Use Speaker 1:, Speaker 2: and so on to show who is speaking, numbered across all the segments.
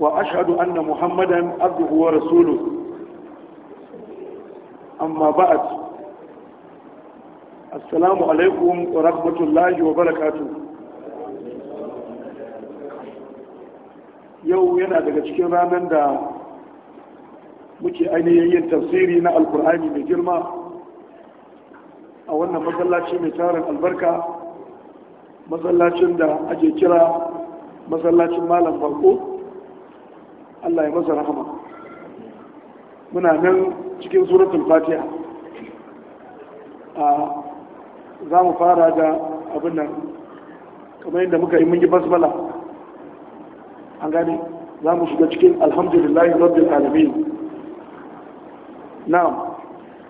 Speaker 1: وأشهد أن محمدا عبده ورسوله أما بعد السلام عليكم ورحمة الله وبركاته yau yana daga cikin ranar da muke ainihin yin tafsiri na alkur'ani mai girma a wannan matsalaci mai tarin albarka matsalacin da ake kira matsalacin malam bako Allah ya masa rahama muna nan cikin suratul fatiha a ah, za mu fara da abin nan kamar yadda muka yi mun yi basmala an gane za mu shiga cikin alhamdulillahi rabbil alamin na'am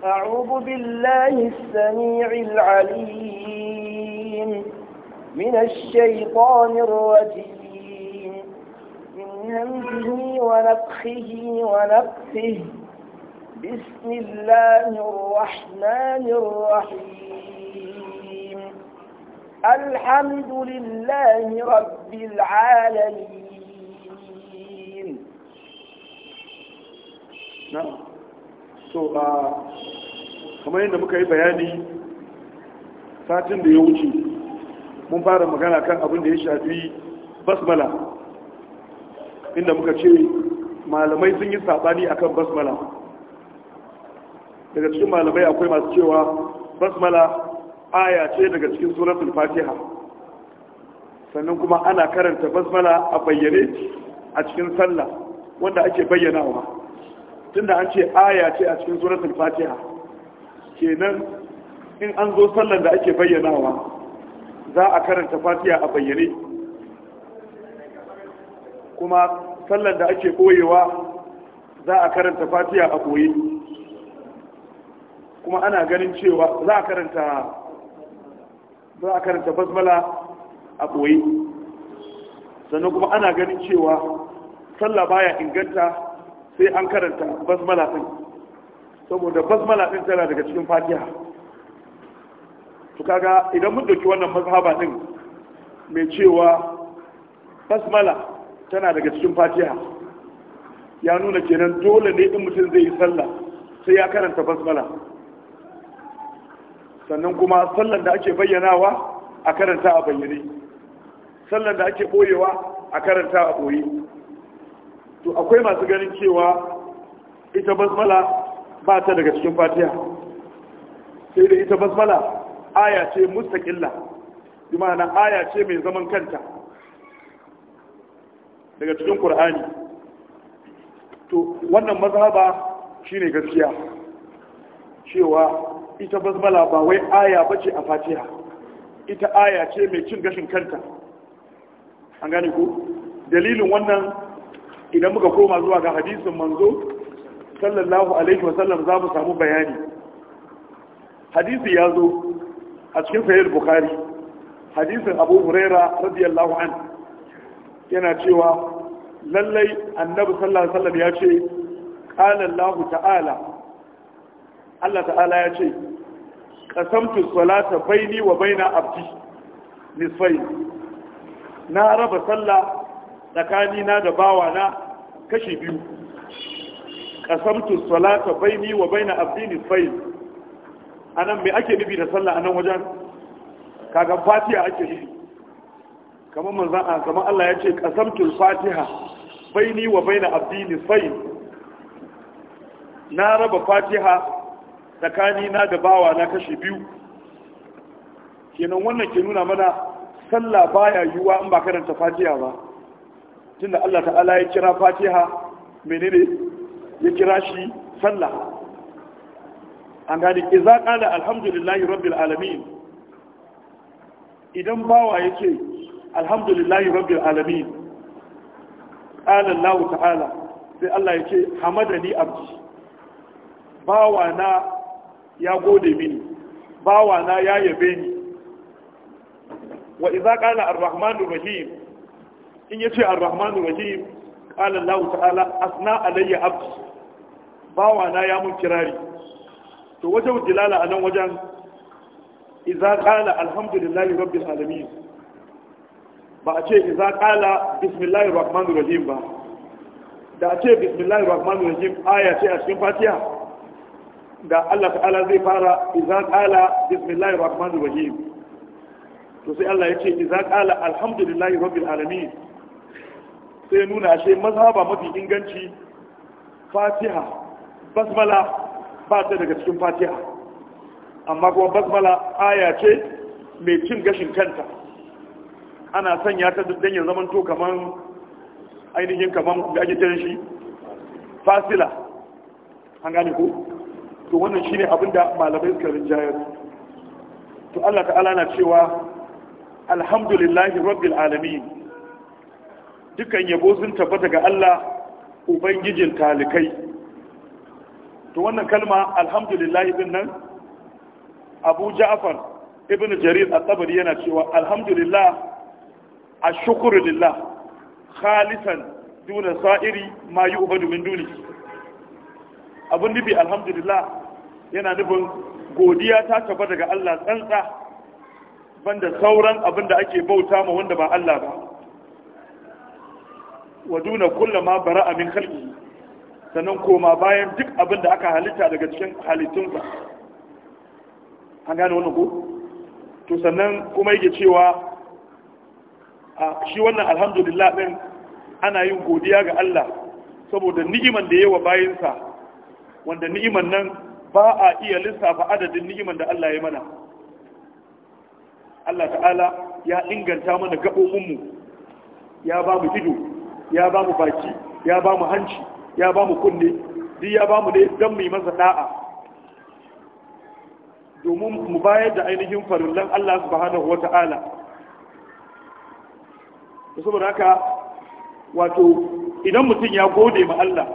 Speaker 1: أعوذ بالله السميع
Speaker 2: العليم من الشيطان الرجيم من همزه ونفخه ونفثه بسم الله الرحمن الرحيم الحمد لله رب العالمين
Speaker 1: نعم so kamar yadda muka yi bayani satin da ya wuce mun fara magana kan abin da ya shafi basmala inda muka ce malamai sun yi saɓani akan basmala daga cikin malamai akwai masu cewa basmala aya ce daga cikin suratul fatiha sannan kuma ana karanta basmala a bayyane a cikin sallah wanda ake bayyanawa tunda an ce aya ce a cikin suratul fatiha kenan in an zo sallan da ake bayyanawa za a karanta fatiha a bayyane kuma sallar da ake koyewa za a karanta Fatiya a koyi kuma ana ganin cewa za a karanta za a karanta basmala a koyi sannan kuma ana ganin cewa sallah baya inganta sai an karanta basmala din saboda basmala din tana daga cikin fatiha to kaga idan mun dauki wannan mazhaba din mai cewa basmala tana daga cikin fatiha ya nuna kenan dole ne in mutum zai yi sallah sai ya karanta basmala sannan kuma sallan da ake bayyanawa a karanta a bayyane sallan da ake boyewa a karanta a boye to akwai masu ganin cewa ita basmala ba ta daga cikin fatiha sai da ita basmala aya ce mustaqilla bi ma'ana aya ce mai zaman kanta daga cikin qur'ani to wannan mazhaba shine gaskiya cewa ita basmala ba wai aya bace a fatiha ita aya ce mai cin gashin kanta an gane ku dalilin wannan idan muka koma zuwa ga hadisin manzo sallallahu alaihi wasallam za mu samu bayani hadisi ya zo a cikin sahih bukhari hadisin abu huraira radiyallahu anhu yana cewa lallai annabi sallallahu alaihi wasallam ya ce qala Allah ta'ala Allah ta'ala ya ce qasamtu salata baini wa baina abdi nisfai na raba sallah tsakani na da bawa na kashi biyu qasamtu salata baini wa baina abdi nisfai anan me ake nufi da sallah anan wajen kaga fatiha ake nufi kamar manzan a Allah ya ce kasamtul fatiha baini wa baina abdi nisfain na raba fatiha tsakani na da bawa na kashe biyu kenan wannan ke nuna mana sallah baya yiwuwa in ba karanta fatiha ba tunda Allah ta'ala ya kira fatiha menene ya kira shi sallah an gani iza qala alhamdulillahi rabbil alamin idan bawa yake alhamdulillahi rabbil alamin qala Allah ta'ala sai Allah ya ce hamadani abdi bawana ya gode mini bawana ya yabe ni wa idza qala ar-rahmanur rahim in yace ar-rahmanur rahim qala Allah ta'ala asna alayya abdi bawana ya mun kirari to wajen dilala anan wajen idza qala alhamdulillahi rabbil alamin ba a ce iza kala bismillahir rahmanir rahim ba da a ce bismillahir rahmanir rahim aya ce a cikin fatiha da Allah ta'ala zai fara iza kala bismillahir rahmanir rahim to sai Allah ya ce iza kala alhamdulillahi rabbil alamin sai nuna shi mazhaba mafi inganci fatiha basmala ba ta daga cikin fatiha amma kuma basmala aya ce mai cin gashin kanta ana sanya ta duk ya zaman to kaman ainihin kaman da ake cire shi fasila an gane ko to wannan shine abin da malamai suka rinjayar to Allah ta'ala na cewa alhamdulillahi rabbil alamin dukan yabo sun tabbata ga Allah ubangijin talikai to wannan kalma alhamdulillahi din nan Abu Ja'far ibn Jarir at-Tabari yana cewa alhamdulillah ashkuru lillah khalisan duna sa'iri ma uba min duni abun nufi alhamdulillah yana nufin godiya ta taba daga Allah tsantsa banda sauran abin da ake bauta ma wanda ba Allah ba wa duna ma bara min khalqihi sannan koma bayan duk abin da aka halitta daga cikin halittunsa an gane wannan ko to sannan kuma yake cewa shi wannan alhamdulillah din ana yin godiya ga Allah saboda ni'iman da yawa bayinsa wanda ni'iman nan ba a iya lissafa adadin ni'iman da Allah ya mana Allah ta'ala ya inganta mana gaɓoɓinmu ya ba mu ido ya ba mu baki ya ba mu hanci ya ba mu kunne duk ya ba mu ne don mu yi masa da'a domin mu bayar da ainihin farillan Allah subhanahu wa ta'ala saboda haka wato idan mutum ya gode ma Allah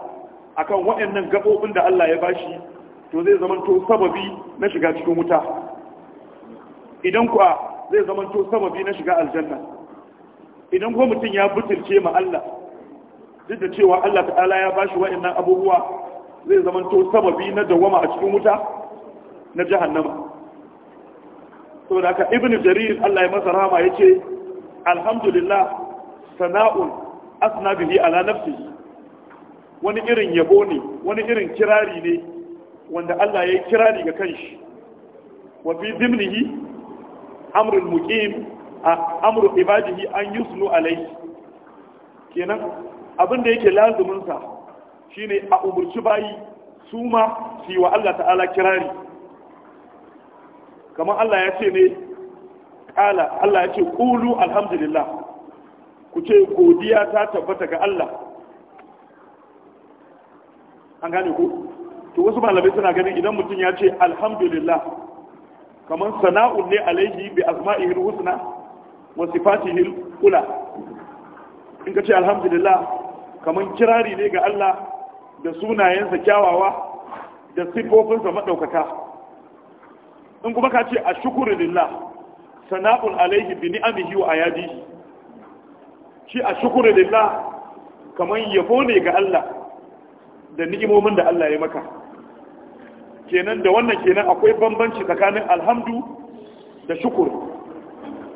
Speaker 1: akan waɗannan gabobin da Allah ya bashi to zai to sababi na shiga cikin wuta idan kuwa zai to sababi na shiga aljanna idan kuma mutum ya butulce ma Allah duk da cewa Allah ta'ala ya bashi waɗannan abubuwa zai to sababi na dawama a cikin wuta na jahannama saboda haka ibnu jarir Allah ya masa rahama yace alhamdulillah sana'un asna bihi ala nafsihi wani irin yabo ne wani irin kirari ne wanda Allah ya yi kirari ga kanshi wa fi zimnihi amrul muqim amru ibadihi an yuslu alayhi kenan abin da yake lazumin sa shine a umurci bayi su ma su wa Allah ta'ala kirari kamar Allah ya ce ne kala Allah ya ce qulu alhamdulillah ku ce godiya ta tabbata ga Allah an gane ku to wasu malamai suna ganin idan mutum ya ce alhamdulillah kamar sana'un ne alaihi bi asma'ihi husna wa sifatihi ula in ka ce alhamdulillah kamar kirari ne ga Allah da sunayensa kyawawa da sifofinsa madaukaka in kuma ka ce ashkuru lillah sana'un alaihi bi ni'amihi wa ayadihi shi a da lillah kamar yabo ne ga Allah da ni'imomin da Allah ya maka kenan da wannan kenan akwai bambanci tsakanin alhamdu da shukur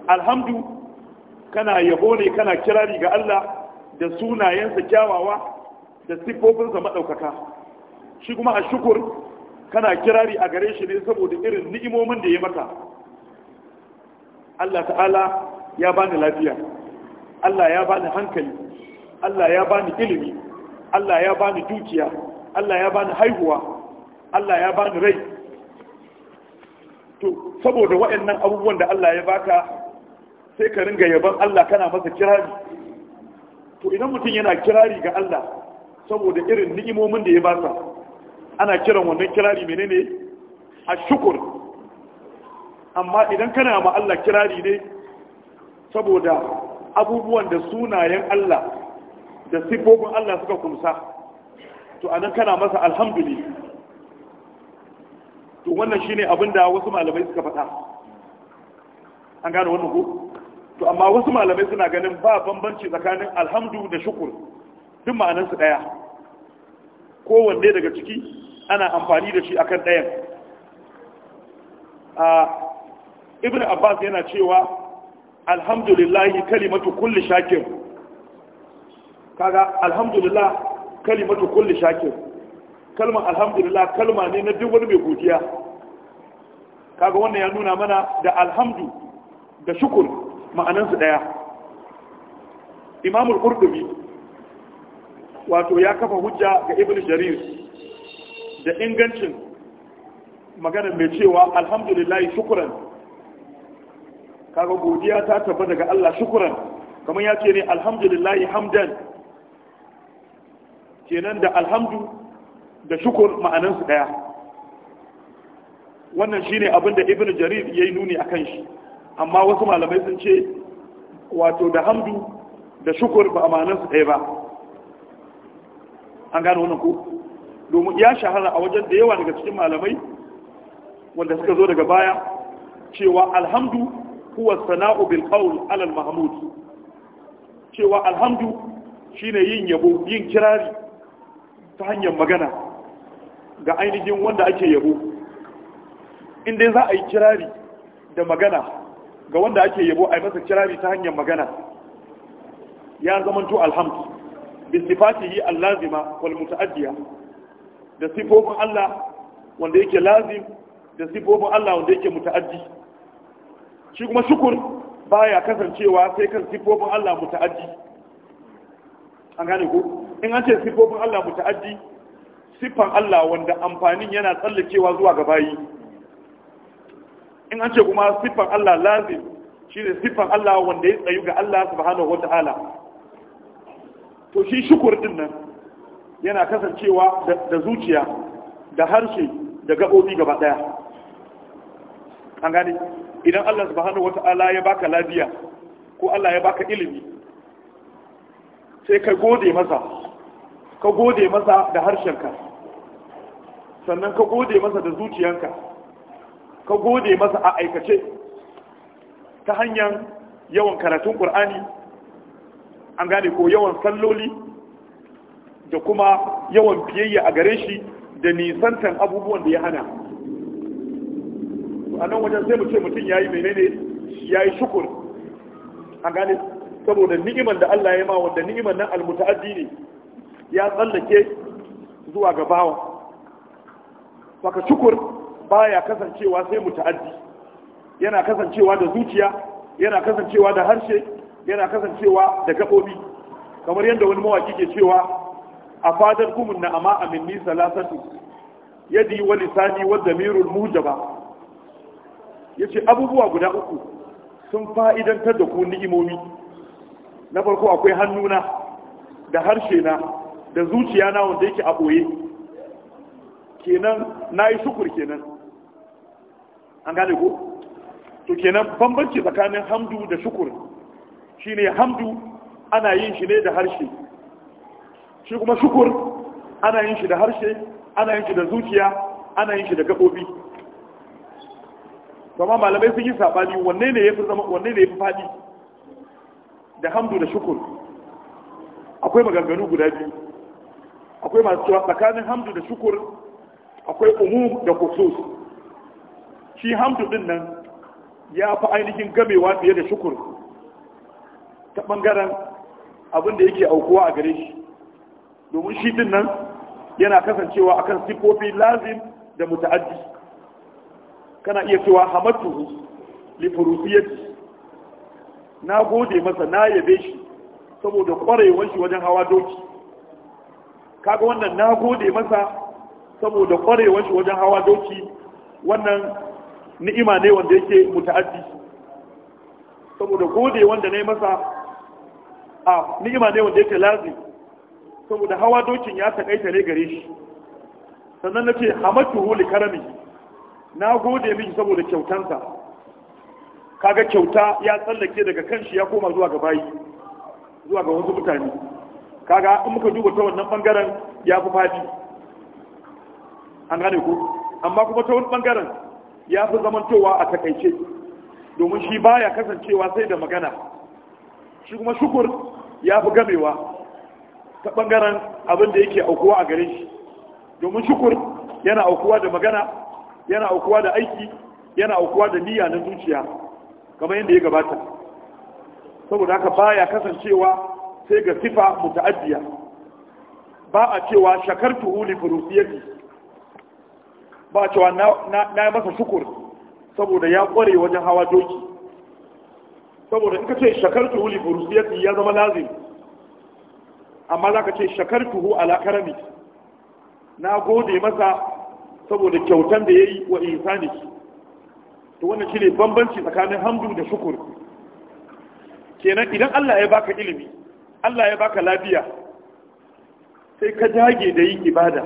Speaker 1: alhamdu kana yabo ne kana kirari ga Allah da sunayensa kyawawa da siffofinsa maɗaukaka shi kuma a shukur kana kirari a gare shi ne saboda irin ni'imomin da ya maka Allah ta'ala ya bani lafiya Allah ya bani hankali Allah ya bani ilimi Allah ya bani dukiya Allah ya bani haihuwa Allah ya bani rai to saboda waɗannan abubuwan da Allah ya baka sai ka ringa yaban Allah kana masa kirari to idan mutum yana kirari ga Allah saboda irin ni'imomin da ya baka ana kiran wannan kirari menene ashukur amma idan kana ma Allah kirari ne saboda abubuwan da sunayen Allah da sifofin Allah suka kumsa to anan kana masa alhamdulillah to wannan shine abin da wasu malamai suka faɗa an gane wannan ko to amma wasu malamai suna ganin ba bambanci tsakanin alhamdu da shukur duk su ɗaya kowanne daga ciki ana amfani da shi akan ɗayan a ah, ibn abbas yana cewa alhamdulillahi kalimatu kulli shakir kaga alhamdulillah kalimatu kulli shakir kalma alhamdulillah kalma ne na duk wani mai godiya kaga wannan ya nuna mana da alhamdu da shukur ma'anansu daya imamul qurtubi wato ya kafa hujja ga ibn jarir da ingancin magana mai cewa alhamdulillah shukran kaga godiya ta tabba daga Allah shukuran kamar ya ce ne alhamdulillah hamdan kenan da alhamdu da shukur ma'anansu daya wannan shine abin da ibnu jarir yayi nuni akan shi amma wasu malamai sun ce wato da hamdu da shukur ba ma'anansu daya ba an gano wannan ko domin ya shahara a wajen da yawa daga cikin malamai wanda suka zo daga baya cewa alhamdu huwa sana'u bil qawl ala al mahmud cewa alhamdu shine yin yabo yin kirari ta hanyar magana ga ainihin wanda ake yabo in dai za a yi kirari da magana ga wanda ake yabo a yi masa kirari ta hanyar magana ya zamanto alhamdu bi sifatihi allazima wal muta'addiya da sifofin Allah wanda yake lazim da sifofin Allah wanda yake muta'addi shi kuma shukur baya kasancewa sai kan sifofin Allah muta'addi an gane ko in an ce sifofin Allah muta'addi siffan Allah wanda amfanin yana tsallakewa zuwa ga bayi in an ce kuma siffan Allah lazim shine siffan Allah wanda ya tsayu ga Allah subhanahu wata'ala to shi shukur din nan yana kasancewa da zuciya da harshe da gabobi gaba daya an gane idan Allah subhanahu wata'ala ya baka lafiya ko Allah ya baka ilimi sai ka gode masa ka gode masa da harshenka sannan ka gode masa da zuciyanka ka gode masa a aikace ta hanyar yawan karatun ƙur'ani an gane ko yawan salloli da kuma yawan fiyayya a gare shi da nisantan abubuwan da ya hana a nan wajen sai mu ce mutum ya yi menene ya yi shukur a gane saboda ni'imar da Allah ya ma wanda ni'imar nan almuta'addi ne ya tsallake zuwa ga bawa baka shukur baya kasancewa sai muta'addi yana kasancewa da zuciya yana kasancewa da harshe yana kasancewa da gabobi kamar yadda wani mawaki ke cewa a fadar kumun na amma amin nisa lasatu yadi wa lisani wa damirul mujaba ya ce abubuwa guda uku sun fa'idantar da ku ni'imomi na farko akwai hannuna da harshe na da zuciya na wanda yake a ɓoye kenan na yi shukur kenan an gane ko to kenan bambanci tsakanin hamdu da shukur shine hamdu ana yin shi ne da harshe shi kuma shukur ana yin shi da harshe ana yin shi da zuciya ana yin shi da gaɓoɓi kuma malamai sun yi sabani wanne ne yafi zama wanne ne yafi fadi da hamdu da shukur akwai maganganu guda biyu akwai masu cewa tsakanin hamdu da shukur akwai umum da khusus shi hamdu din nan ya fi ainihin gamewa fiye da shukur ta bangaren abin da yake aukuwa a gare shi domin shi din nan yana kasancewa akan sifofi lazim da muta'addi kana iya cewa hamatuhu li furusiyati na gode masa na yabe shi saboda kwarewar shi wajen hawa doki kaga wannan na gode masa saboda kwarewar shi wajen hawa doki wannan ni'ima ne wanda yake muta'addi saboda gode wanda na yi masa a ni'ima ne wanda yake lazi saboda hawa dokin ya takaita ne gare shi sannan na ce hamatuhu li karamihi na gode miki saboda kyautansa kaga kyauta ya tsallake daga kanshi ya koma zuwa ga bayi zuwa ga wasu mutane kaga in muka duba ta wannan bangaren ya fi fadi an gane ku amma kuma ta wani bangaren ya fi zamantowa a takaice domin shi baya kasancewa sai da magana shi kuma shukur ya fi gamewa ta bangaren abin da yake aukuwa a gare shi domin shukur yana aukuwa da magana yana aukuwa da aiki yana aukuwa da niyya na zuciya kamar yadda ya gabata saboda haka baya kasancewa sai ga sifa muta'addiya ba a cewa shakartu huli furusiyati ba a cewa na masa shukur saboda ya kware wajen hawa doki saboda in ka ce shakartu huli furusiyati ya zama lazim amma za ka ce shakartu ala karami na gode masa saboda kyautan da ya yi wa ihsani to wannan ne bambanci tsakanin hamdu da shukur kenan idan Allah ya baka ilimi Allah ya baka lafiya sai ka dage da yi ibada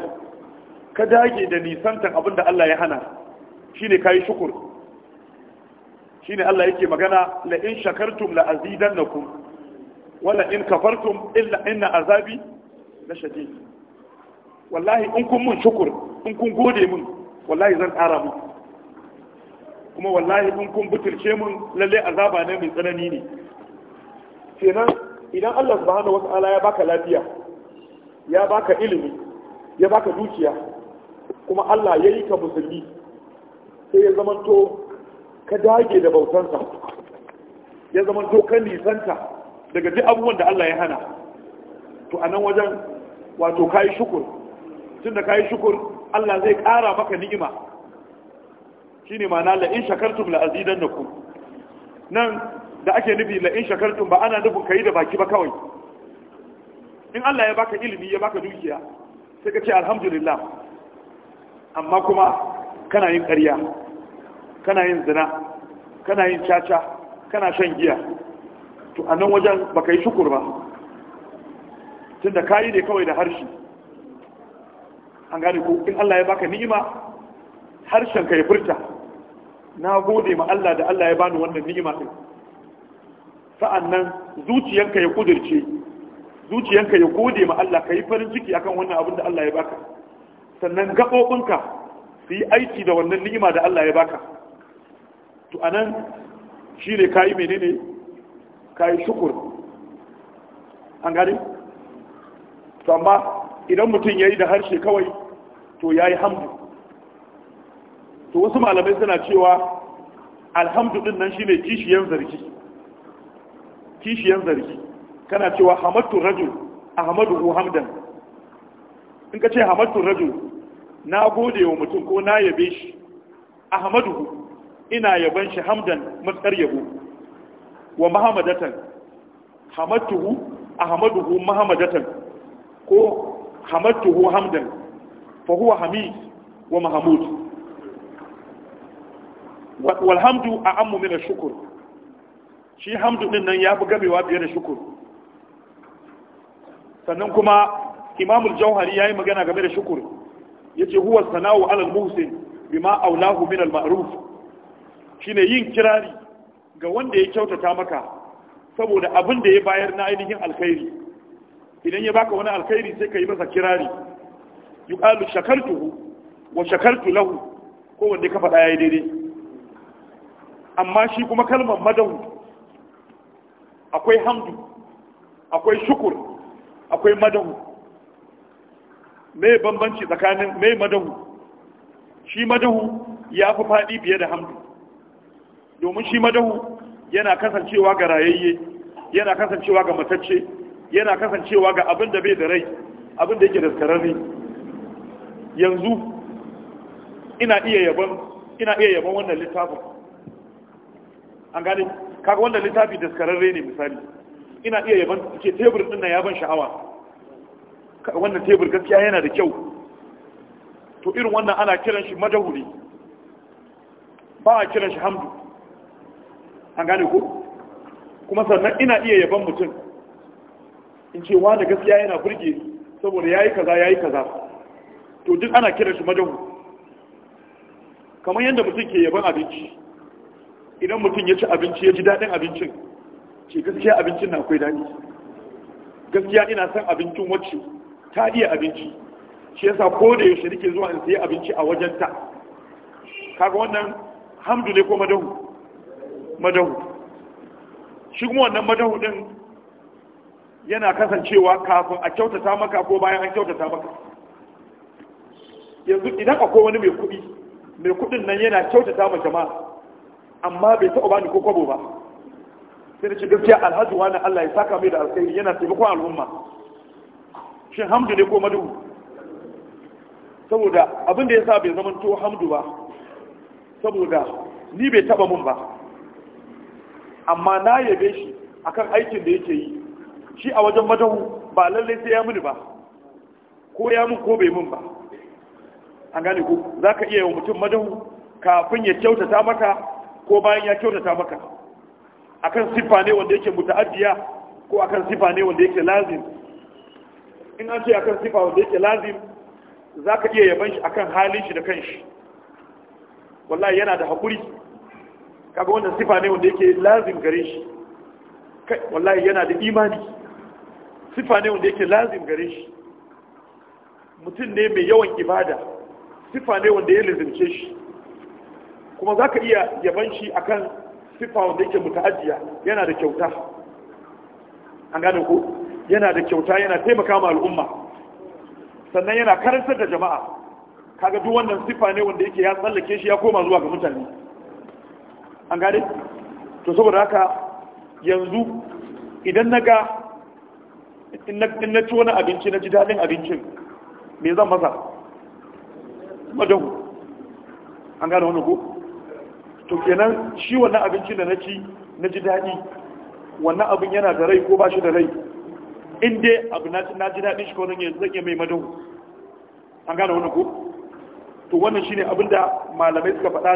Speaker 1: ka dage da nisantan abin da Allah ya hana shine yi shukur ne Allah yake magana la'in in la'azidan na azidannakum wala in kafartum illa inna azabi na shadid wallahi in kun mun shukur in kun gode mun wallahi zan ƙara mu kuma wallahi in kun butulce mun lalle azaba ne mai tsanani ne kenan idan Allah subhanahu ala ya baka lafiya ya baka ilimi ya baka dukiya kuma Allah ya yi ka musulmi sai ya zamanto ka dage da bautansa ya zamanto ka nisanta daga duk abubuwan da Allah ya hana to a nan wajen wato kayi shukur tun da kayi shukur Allah zai ƙara maka ni'ima shine ma'ana la in shakartum la ku. nan da ake nufi la in shakartum ba ana nufin yi da baki ba kawai in Allah ya baka ilimi ya baka dukiya sai ka ce alhamdulillah amma kuma kana yin ƙarya kana yin zina kana yin caca kana shan giya to a nan wajen baka yi shukur ba tunda kayi ne kawai da harshe an gane ko in Allah ya baka ni'ima harshen ka ya furta na gode ma Allah da Allah ya bani wannan ni'ima din sa'annan zuciyanka ya kudirce zuciyanka ya gode ma Allah ka yi farin ciki akan wannan abin da Allah ya baka sannan gaɓoɓinka su yi aiki da wannan ni'ima da Allah ya baka to anan shi ne ka yi menene ka yi shukur an gane to amma idan mutum ya yi da harshe kawai to ya yi hamdu to wasu malamai suna cewa alhamdu din nan shine kishiyan zargi kishiyan zargi kana cewa hamattu rajul hu, hamdan in ka ce hamattu rajul na gode wa mutum ko na yabe shi hu, ina yaban shi hamdan matsar yabo wa muhammadatan Ahmadu hu, muhammadatan ko hamadtuhu hamdan fa huwa hamid wa mahmud wal hamdu a'ammu min ash-shukr shi hamdu din nan fi gamewa biye da shukur. sannan kuma imam al-jauhari yayi magana game da shukr yace huwa sana'u ala al-muhsin bima aulahu min al-ma'ruf shine yin kirari ga wanda ya kyautata maka saboda abin da ya bayar na ainihin alkhairi idan ya baka wani alkhairi sai ka yi masa kirari yuqalu shakartu wa shakartu lahu ko wanda ka faɗa yayi daidai amma shi kuma kalmar madahu akwai hamdu akwai shukur akwai madahu me bambanci tsakanin mai madahu shi madahu ya fi faɗi biye da hamdu domin shi madahu yana kasancewa ga rayayye yana kasancewa ga matacce yana kasancewa ga abin da bai da rai abin da yake da tsararri yanzu ina iya yaban ina iya wannan littafin an gane kaga wannan littafi da tsararri ne misali ina iya yaban ke tebur din nan ya ban sha'awa wannan tebur gaskiya yana da kyau to irin wannan ana kiran shi majahuri ba a kiran shi hamdu an gane ko kuma sannan ina iya yaban mutum in ce da gaskiya yana burge saboda ya yi kaza ya yi kaza to duk ana kira shi madahu kamar yadda mutum ke yaban abinci idan mutum ya ci abinci ya ji daɗin abincin ce gaskiya abincin na akwai daɗi gaskiya ina son abincin wacce ta iya abinci shi yasa ko da yaushe nake zuwa in sayi abinci a wajenta kaga wannan hamdu ne ko madahu madahu shi kuma wannan madahu din yana kasancewa kafin a kyautata maka ko bayan an kyautata maka yanzu idan akwai wani mai kuɗi mai kuɗin nan yana kyautata ma jama'a amma bai taɓa bani ko kwabo ba sai da ce gaskiya alhaji wani Allah ya saka mai da alkhairi yana taimakon al'umma shin hamdu ne ko madu saboda abin da ya sa bai zama to hamdu ba saboda ni bai taɓa mun ba amma na yabe shi akan aikin da yake yi shi a wajen majahu ba lalle sai ya muni ba ko ya mun ko bai mun ba an gane ku za ka iya yi wa mutum madahu kafin ya kyautata maka ko bayan ya kyautata maka akan siffa ne wanda yake muta'addiya ko akan siffa ne wanda yake lazim in an ce akan siffa wanda yake lazim za ka iya yaban shi akan halin shi da kanshi wallahi yana da haƙuri kaga wannan sifa ne wanda yake lazim gare shi wallahi yana da imani sifa ne wanda yake lazim gare shi mutum ne mai yawan ibada sifa ne wanda ya lazimce shi kuma za ka iya yaban shi akan sifa wanda yake muta'ajiya yana da kyauta an gane ko yana da kyauta yana taimaka ma al'umma sannan yana karantar da jama'a kaga duk wannan sifa ne wanda yake ya tsallake shi ya koma zuwa ga mutane an gane to saboda haka yanzu idan naga in na ci wani abinci na ji daɗin abincin me zan masa madahu an gane wani ko to kenan shi wannan abincin da na ci na ji daɗi wannan abin yana da rai ko ba shi da rai inda abu na ji daɗin shi ko zan yi mai madahu an gane wani ko to wannan shine abin da malamai suka faɗa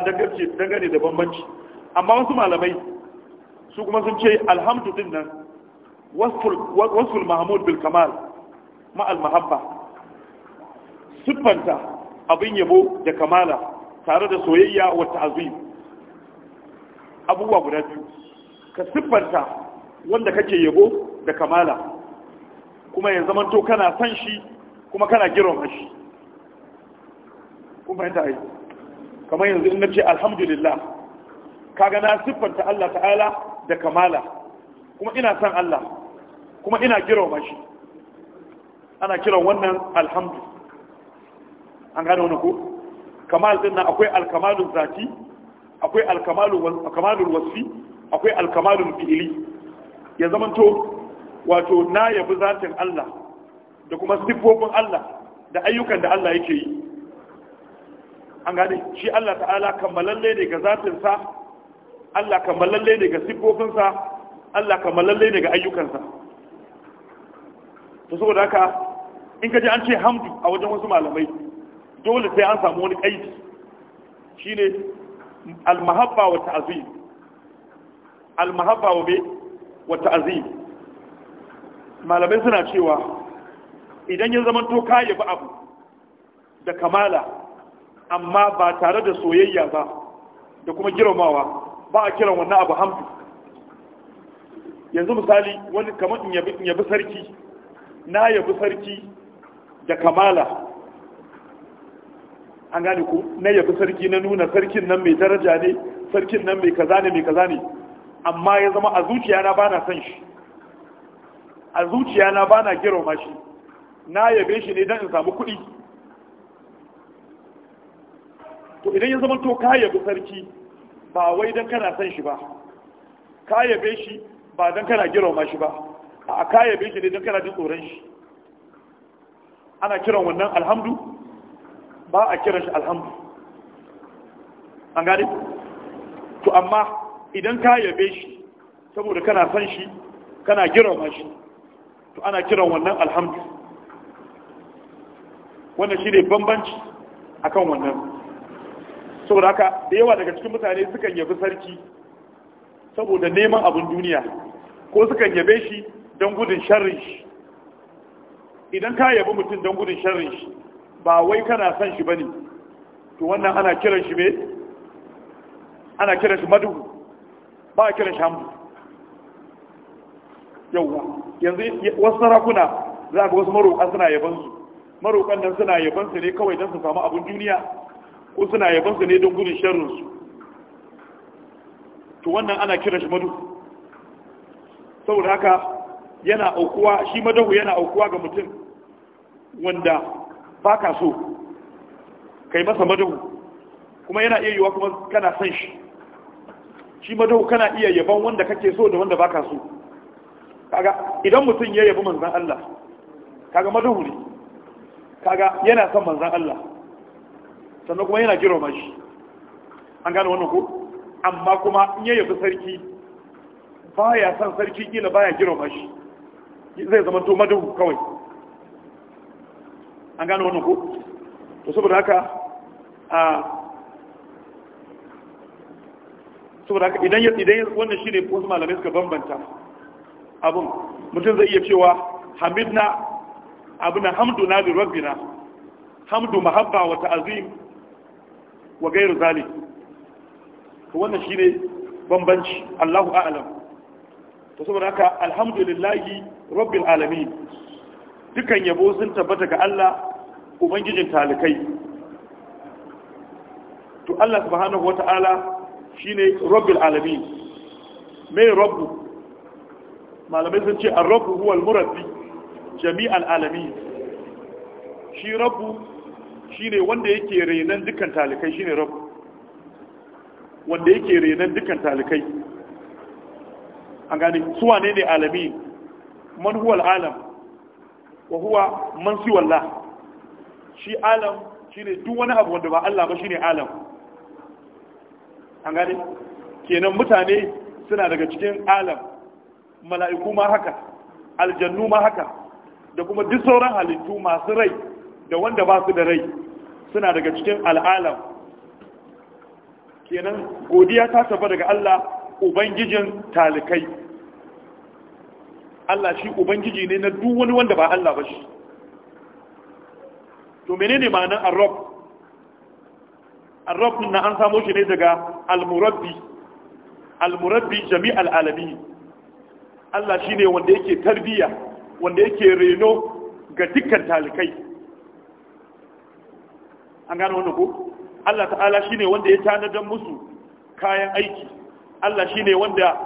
Speaker 1: dangane da bambanci amma wasu malamai su kuma sun ce alhamdu nan wasu mahmud bil kamal ma'al mahabba siffanta abin yabo da kamala tare da soyayya wata ta'azim abubuwa guda biyu ka siffanta wanda kake yabo da kamala kuma ya zama to kana san shi kuma kana giron shi kuma yanta ai kamar yanzu in ce alhamdulillah kaga na siffanta Allah ta'ala da kamala kuma ina san Allah kuma ina ba shi ana kiran wannan alhamdu an gane wani ko kamal din nan akwai alkamalun zati akwai alkamalun wasfi akwai alkamalun fi'ili ya zamanto wato na yabi zatin Allah da kuma siffofin Allah da ayyukan da Allah yake yi an gane shi Allah ta'ala kammalalle ne ga zatinsa Allah kammalalle ne ga siffofinsa Allah kammalalle ne ga ayyukansa to da haka in ka ji an ce hamdu a wajen wasu malamai dole sai an samu wani ne, shine almahabba wa ta'zim almahabba wa bi wa ta'zim malamai suna cewa idan ya zama to ka yabi abu da kamala amma ba tare da soyayya ba da kuma girmamawa ba a kiran wannan abu hamdu yanzu misali wani kamar in yabi sarki na yabi sarki da kamala an gane ku na yabi sarki na nuna sarkin nan mai daraja ne sarkin nan mai kaza ne mai kaza ne amma ya zama a zuciya na bana son shi a zuciya na bana girma shi na yabe shi ne don in samu kuɗi to idan ya zama to ka yabi sarki ba wai don kana son shi ba ka yabe shi ba don kana girma shi ba a kaya bai shi ne don kana jin tsoron shi ana kiran wannan alhamdu ba a kiran shi alhamdu an gane to amma idan ka yabe shi saboda kana san shi kana girma shi to ana kiran wannan alhamdu wannan shi ne bambanci akan wannan saboda haka da yawa daga cikin mutane sukan yabi sarki saboda neman abin duniya ko sukan yabe shi don gudun sharrin shi idan ka yabi mutum don gudun sharrin shi ba wai kana son shi bane to wannan ana kiran shi me ana kiran shi madu ba a kiran shi hamu yauwa yanzu wasu sarakuna za ga wasu maroƙa suna yaban su maroƙan nan suna yaban su ne kawai don su samu abin duniya ko suna yaban su ne don gudun sharrin su to wannan ana kiran shi madu saboda haka yana aukuwa shi madahu yana aukuwa ga mutum wanda ba ka so kai masa madahu kuma yana iya yiwa kuma kana son shi shi madahu kana iya yaban wanda kake so da wanda ba ka so kaga idan mutum ya yabi manzan Allah kaga madahu ne kaga yana son manzan Allah sannan kuma yana girma shi an gane wannan ko amma kuma in ya yabi sarki baya son sarki kila baya girma shi zai zama to madu kawai an gano wannan ku to saboda haka a saboda haka idan idan wannan shi ne wasu malamai suka bambanta abun mutum zai iya cewa hamidna na hamduna li rabbina hamdu mahabba wa ta'zim wa gairu zali. to wannan ne bambanci Allahu a'alam. to saboda haka alhamdulillahi rabbil alamin dukan yabo sun tabbata ga Allah ubangijin talikai to Allah subhanahu wata'ala shine rabbil alamin Me rabbu malamai sun ce ar-rabbu huwa al-murabbi jami'al alamin shi rabbu shine wanda yake renan dukan talikai shine rabbu wanda yake renan dukan talikai an gane su wane ne alami man huwa alam wa huwa man walla shi alam shine duk wani abu wanda ba Allah ba shine alam an gane kenan mutane suna daga cikin alam mala'iku ma haka aljannu ma haka da kuma duk sauran halittu masu rai da wanda ba su da rai suna daga cikin al'alam kenan godiya ta taba daga Allah ubangijin talikai Allah shi ubangiji ne na duk wani wanda ba Allah ba shi to menene ma'anar arab arab na an samo shi ne daga Al Al almurabbi jami'al alami Allah shi ne wanda yake tarbiya wanda yake reno ga dukkan talikai an gano wannan ko Allah ta'ala shi ne wanda ya tanadar musu kayan aiki Allah shi ne wanda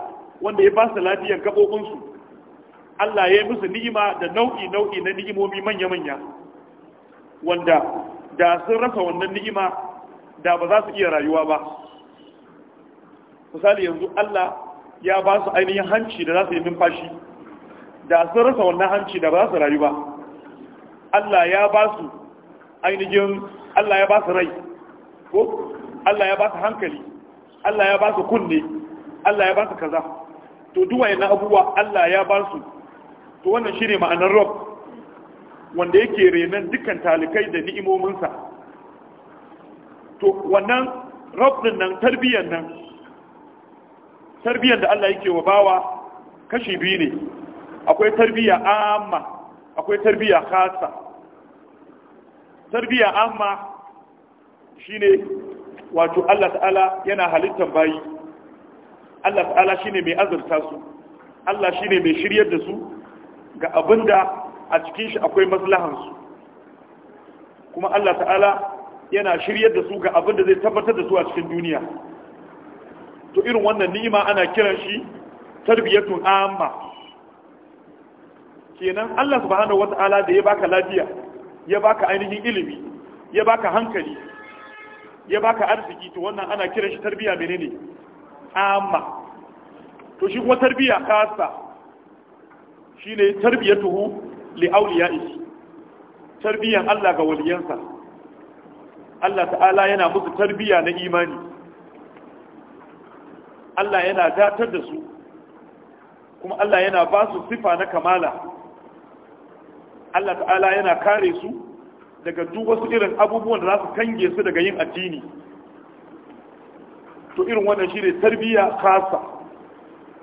Speaker 1: ya ba su lafiyan gabobin Allah ya yi musu ni'ima da nau'i nau'i na ni'imomi manya manya wanda da sun rasa wannan ni'ima da ba za su iya rayuwa ba misali yanzu Allah ya ba su ainihin hanci da za su yi numfashi da sun rasa wannan hanci da ba za su rayu ba Allah ya ba su ainihin Allah ya ba su rai ko Allah ya ba su hankali Allah ya ba su kunne Allah ya ba su kaza to duwa na abubuwa Allah ya ba su to wannan shine ma'anar rob wanda yake renan dukkan talikai da ni'imominsa to wannan rob din nan tarbiyyar nan tarbiyyar da Allah yake wa bawa kashi biyu ne akwai tarbiyya amma akwai tarbiyya khasa tarbiyya amma shine wato Allah ta'ala yana halittar bayi Allah ta'ala shine mai azurta su Allah shine mai shiryar da su ga abinda a cikin shi akwai maslahan su kuma Allah ta'ala yana shiryar da su ga abinda zai tabbatar da su a cikin duniya to irin wannan ni'ima ana kiran shi tarbiyatun amma kenan Allah subhanahu wata'ala da ya baka lafiya ya baka ainihin ilimi ya baka hankali ya baka arziki to wannan ana kiran shi tarbiyya menene amma to shi kuma tarbiya kasa shine tuhu li awliya'ihi tarbiyan Allah ga waliyansa Allah ta'ala yana musu tarbiyya na imani Allah yana datar da su kuma Allah yana ba su sifa na kamala Allah ta'ala yana kare su daga duk wasu irin abubuwan da za su kange su daga yin addini to irin wannan shine tarbiya kasa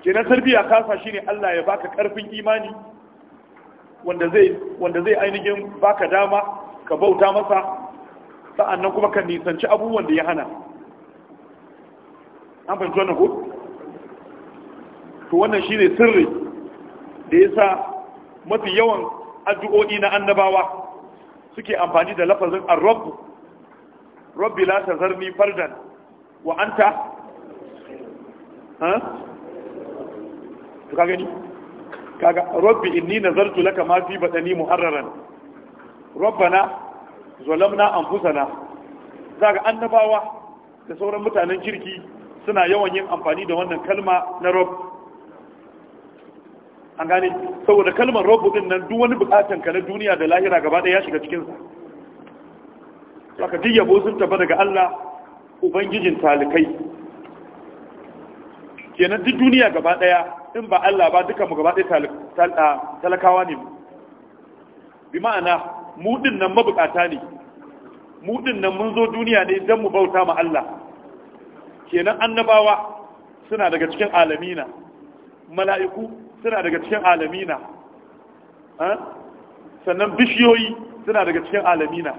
Speaker 1: kenan tarbiya kasa shine Allah ya baka karfin imani wanda zai wanda ainihin baka dama ka bauta masa sa'annan kuma ka nisanci abubuwan da ya hana an fahimci wannan ko to wannan shine sirri da yasa mafi yawan addu'o'i na annabawa suke amfani da lafazin ar-rabb rabbi la tazarni fardan wa anta ha kaga ni kaga rabbi inni nazartu laka ma fi badani muharraran rabbana zalamna anfusana annabawa da sauran mutanen kirki suna yawan yin amfani da wannan kalma na rabb an gane saboda kalmar rob din nan duk wani bukatan ka na duniya da lahira gaba ɗaya ya shiga cikinsa saka duk yabo sun tafi daga Allah ubangijin talikai kenan duk duniya gaba daya in ba Allah ba duka mu gaba daya talakawa ne bi ma'ana mudin nan mabukata ne mudin nan mun zo duniya ne don mu bauta ma Allah kenan annabawa suna daga cikin alamina mala'iku suna daga cikin alamina sannan bishiyoyi suna daga cikin alamina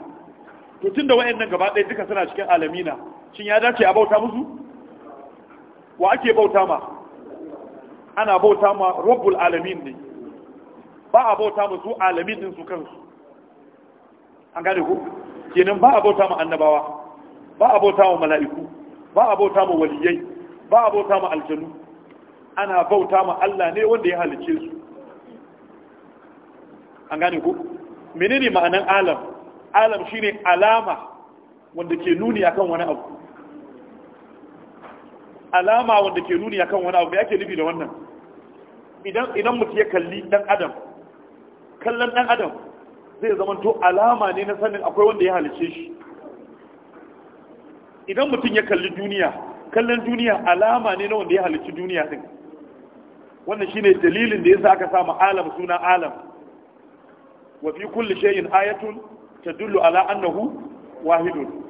Speaker 1: Tutun da wa'in nan gaba ɗaya duka suna cikin alamina shin ya dace a bauta musu wa ake bauta ma ana bauta ma rabbul alamin ne ba a bauta ma su alamin din su kansu an gane ku kenan ba a bauta ma annabawa ba a bauta ma mala'iku ba a bauta ma waliyai ba a bauta ma aljanu ana bauta ma Allah ne wanda ya halice su an gane ku menene ma'anan alam alam shine alama wanda ke nuni akan wani abu alama wanda ke nuni akan wani abu me ake nufi da wannan idan idan mutum ya kalli dan adam kallon dan adam zai zamanto alama ne na sanin akwai wanda ya halice shi idan mutum ya kalli duniya kallon duniya alama ne na wanda ya halicci duniya din wannan shine dalilin da yasa aka samu alam suna alam wa fi kulli shay'in ayatun tadullu ala annahu wahidun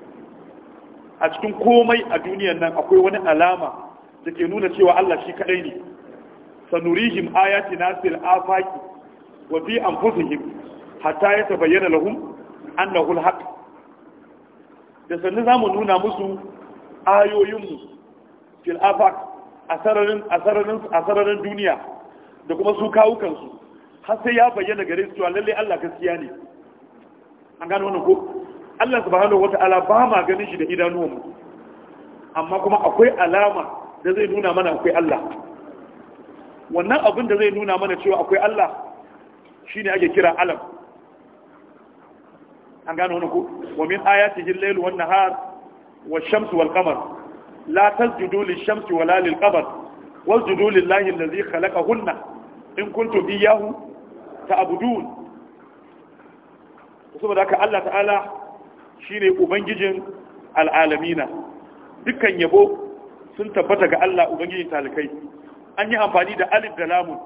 Speaker 1: a cikin komai a duniyar nan akwai wani alama da ke nuna cewa Allah shi kadai ne sanurihim ayati nasil afaki wa fi anfusihim hatta ya yatabayyana lahum annahu alhaq da sannu zamu nuna musu ayoyinmu fil afaq a sararin a duniya da kuma su kawukansu har sai ya bayyana gare su cewa lalle Allah gaskiya ne an gano wannan ko Allah subhanahu wata'ala ba ma ganin shi da idanuwanmu amma kuma akwai alama da zai nuna mana akwai Allah wannan abin da zai nuna mana cewa akwai Allah shine ake kira alam an gano wani ku wa min ayatihi al-layl wan nahar wash-shamsu wal-qamar la tasjudu lish-shamsi wala lil-qamar wasjudu lillahi alladhi khalaqahunna in kuntum iyyahu ta'budun saboda haka Allah ta'ala shine ubangijin al'alamina dukkan yabo sun tabbata ga Allah ubangijin talikai an yi amfani da alif da lamun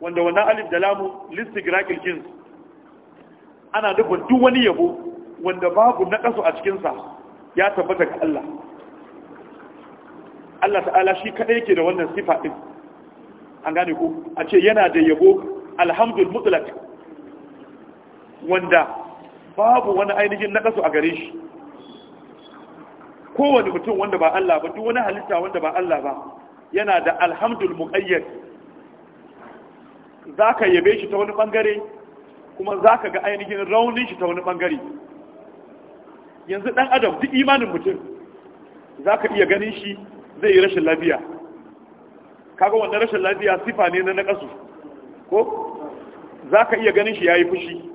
Speaker 1: wanda wannan alif da lamun listigraqil jins ana nufin duk wani yabo wanda babu naqasu a cikin sa ya tabbata ga Allah Allah ta'ala shi kadai yake da wannan sifa din an gane ko a ce yana da yabo alhamdul mutlaq wanda babu wani ainihin nakasu a gare shi kowane mutum wanda ba Allah ba duk wani halitta wanda ba Allah ba yana da alhamdul muqayyad zaka yabe shi ta wani bangare kuma zaka ga ainihin raunin shi ta wani bangare yanzu dan adam duk imanin mutum zaka iya ganin shi zai yi rashin lafiya kaga wannan rashin lafiya sifa ne na nakasu ko zaka iya ganin shi yayi fushi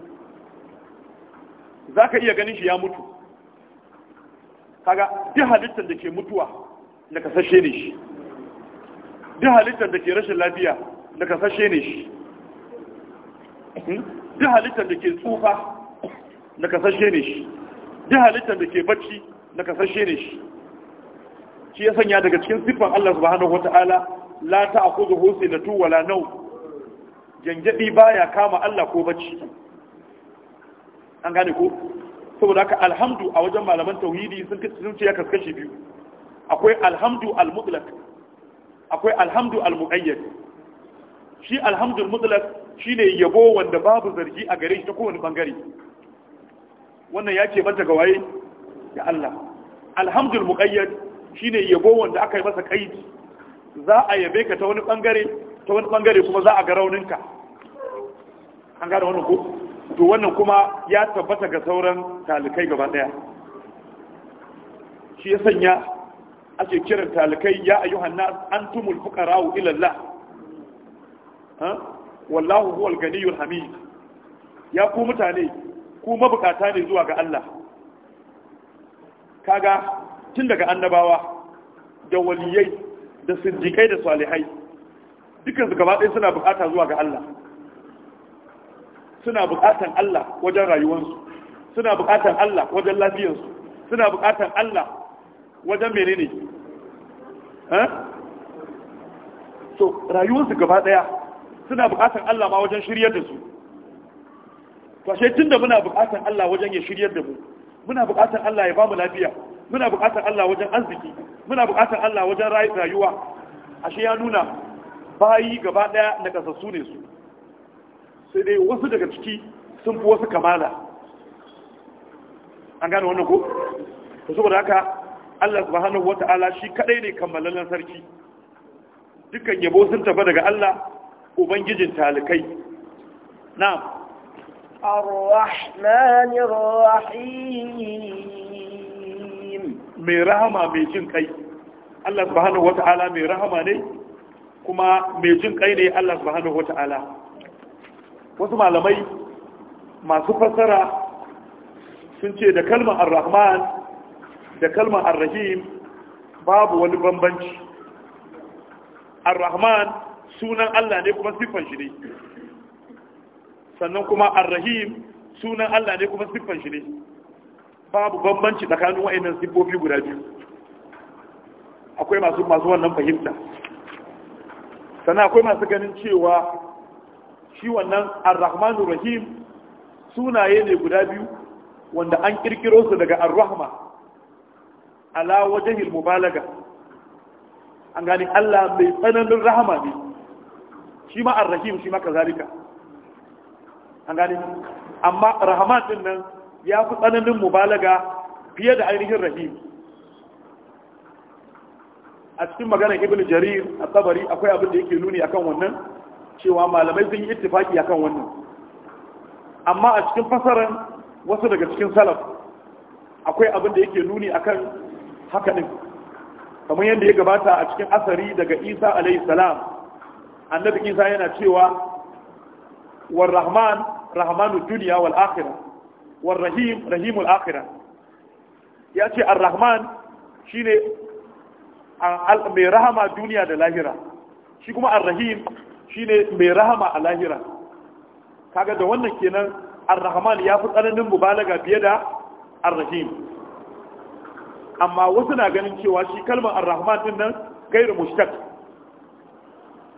Speaker 1: za ka iya ganin shi ya mutu kaga duk halittar da ke mutuwa na kasashe ne shi duk halittar da ke rashin lafiya na kasashe ne shi duk halittar da ke tsufa na kasashe ne shi duk halittar da ke bacci na kasashe ne shi shi ya sanya daga cikin siffan Allah subhanahu wata'ala la ta'khudhuhu sinatu wala nawm jangadi baya kama Allah ko bacci an gane ko saboda haka alhamdu a wajen malaman tauhidi sun sun ce ya kaskashi biyu akwai alhamdu al-mutlaq akwai alhamdu al-muqayyad shi alhamdu al-mutlaq shine yabo wanda babu zargi a gare shi ta kowane bangare wannan ya ce banta ga waye da Allah alhamdu al-muqayyad shine yabo wanda aka yi masa kaidi za a yabe ka ta wani bangare ta wani bangare kuma za a ga rauninka an gane wannan ko to wannan kuma ya tabbata ga sauran talikai gaba daya shi ya sanya ake kiran talikai ya ayyuhan nas antumul fuqara'u ila Allah ha wallahu huwal ganiyul hamid ya ku mutane ku mabukata ne zuwa ga Allah kaga tun daga annabawa da waliyai da siddiqai da salihai dukkan su gaba ɗaya suna bukata zuwa ga Allah suna bukatan Allah wajen rayuwarsu suna bukatan Allah wajen lafiyarsu suna bukatan Allah wajen menene eh? so rayuwarsu gaba daya suna bukatan Allah ma wajen shiryar da su to ashe tunda muna bukatan Allah wajen ya shiryar da mu muna bukatan Allah ya bamu lafiya muna bukatan Allah wajen arziki muna bukatan Allah wajen rayuwa ashe ya nuna bayi gaba daya na kasassu ne su sai dai wasu daga ciki sun fi wasu kamala an gane wannan ku. saboda haka Allah subhanahu wata'ala shi kadai ne kammalallen sarki dukkan yabo sun tafi daga Allah ubangijin talikai na
Speaker 2: الرحمن
Speaker 1: mai rahama mai jin kai Allah subhanahu wata'ala mai rahama ne kuma mai jin kai ne Allah subhanahu wata'ala wasu malamai masu fassara sun ce da kalmar ar-rahman da kalmar ar-rahim babu wani bambanci ar-rahman sunan Allah ne kuma siffan shi ne sannan kuma ar-rahim sunan Allah ne kuma siffan shi ne babu bambanci tsakanin wa'annan siffofi guda biyu akwai masu masu wannan fahimta sannan akwai masu ganin cewa shi wannan ar-rahmanu rahim sunaye ne guda biyu wanda an kirkiro su daga ar-rahma ala wajhil mubalaga an gani Allah mai tsananin rahama ne shi ma ar-rahim shi ma kazalika an gani amma rahman din nan ya fi tsananin mubalaga fiye da ainihin rahim a cikin maganar ibn jarir a tabari akwai abin da yake nuni akan wannan cewa malamai sun yi ittifaki akan wannan amma a cikin fasaran wasu daga cikin salaf akwai abin da yake nuni akan haka din kamar yadda ya gabata a cikin asari daga Isa alayhi salam annabi Isa yana cewa war rahman rahmanud dunya wal akhirah war rahim rahimul akhirah ya ce ar-rahman shine mai rahama duniya da lahira shi kuma ar-rahim shine mai rahama a lahira kaga da wannan kenan ar-rahman ya fi tsananin mubalaga fiye da ar-rahim amma wasu na ganin cewa shi kalmar ar-rahman din nan gairu mushtaq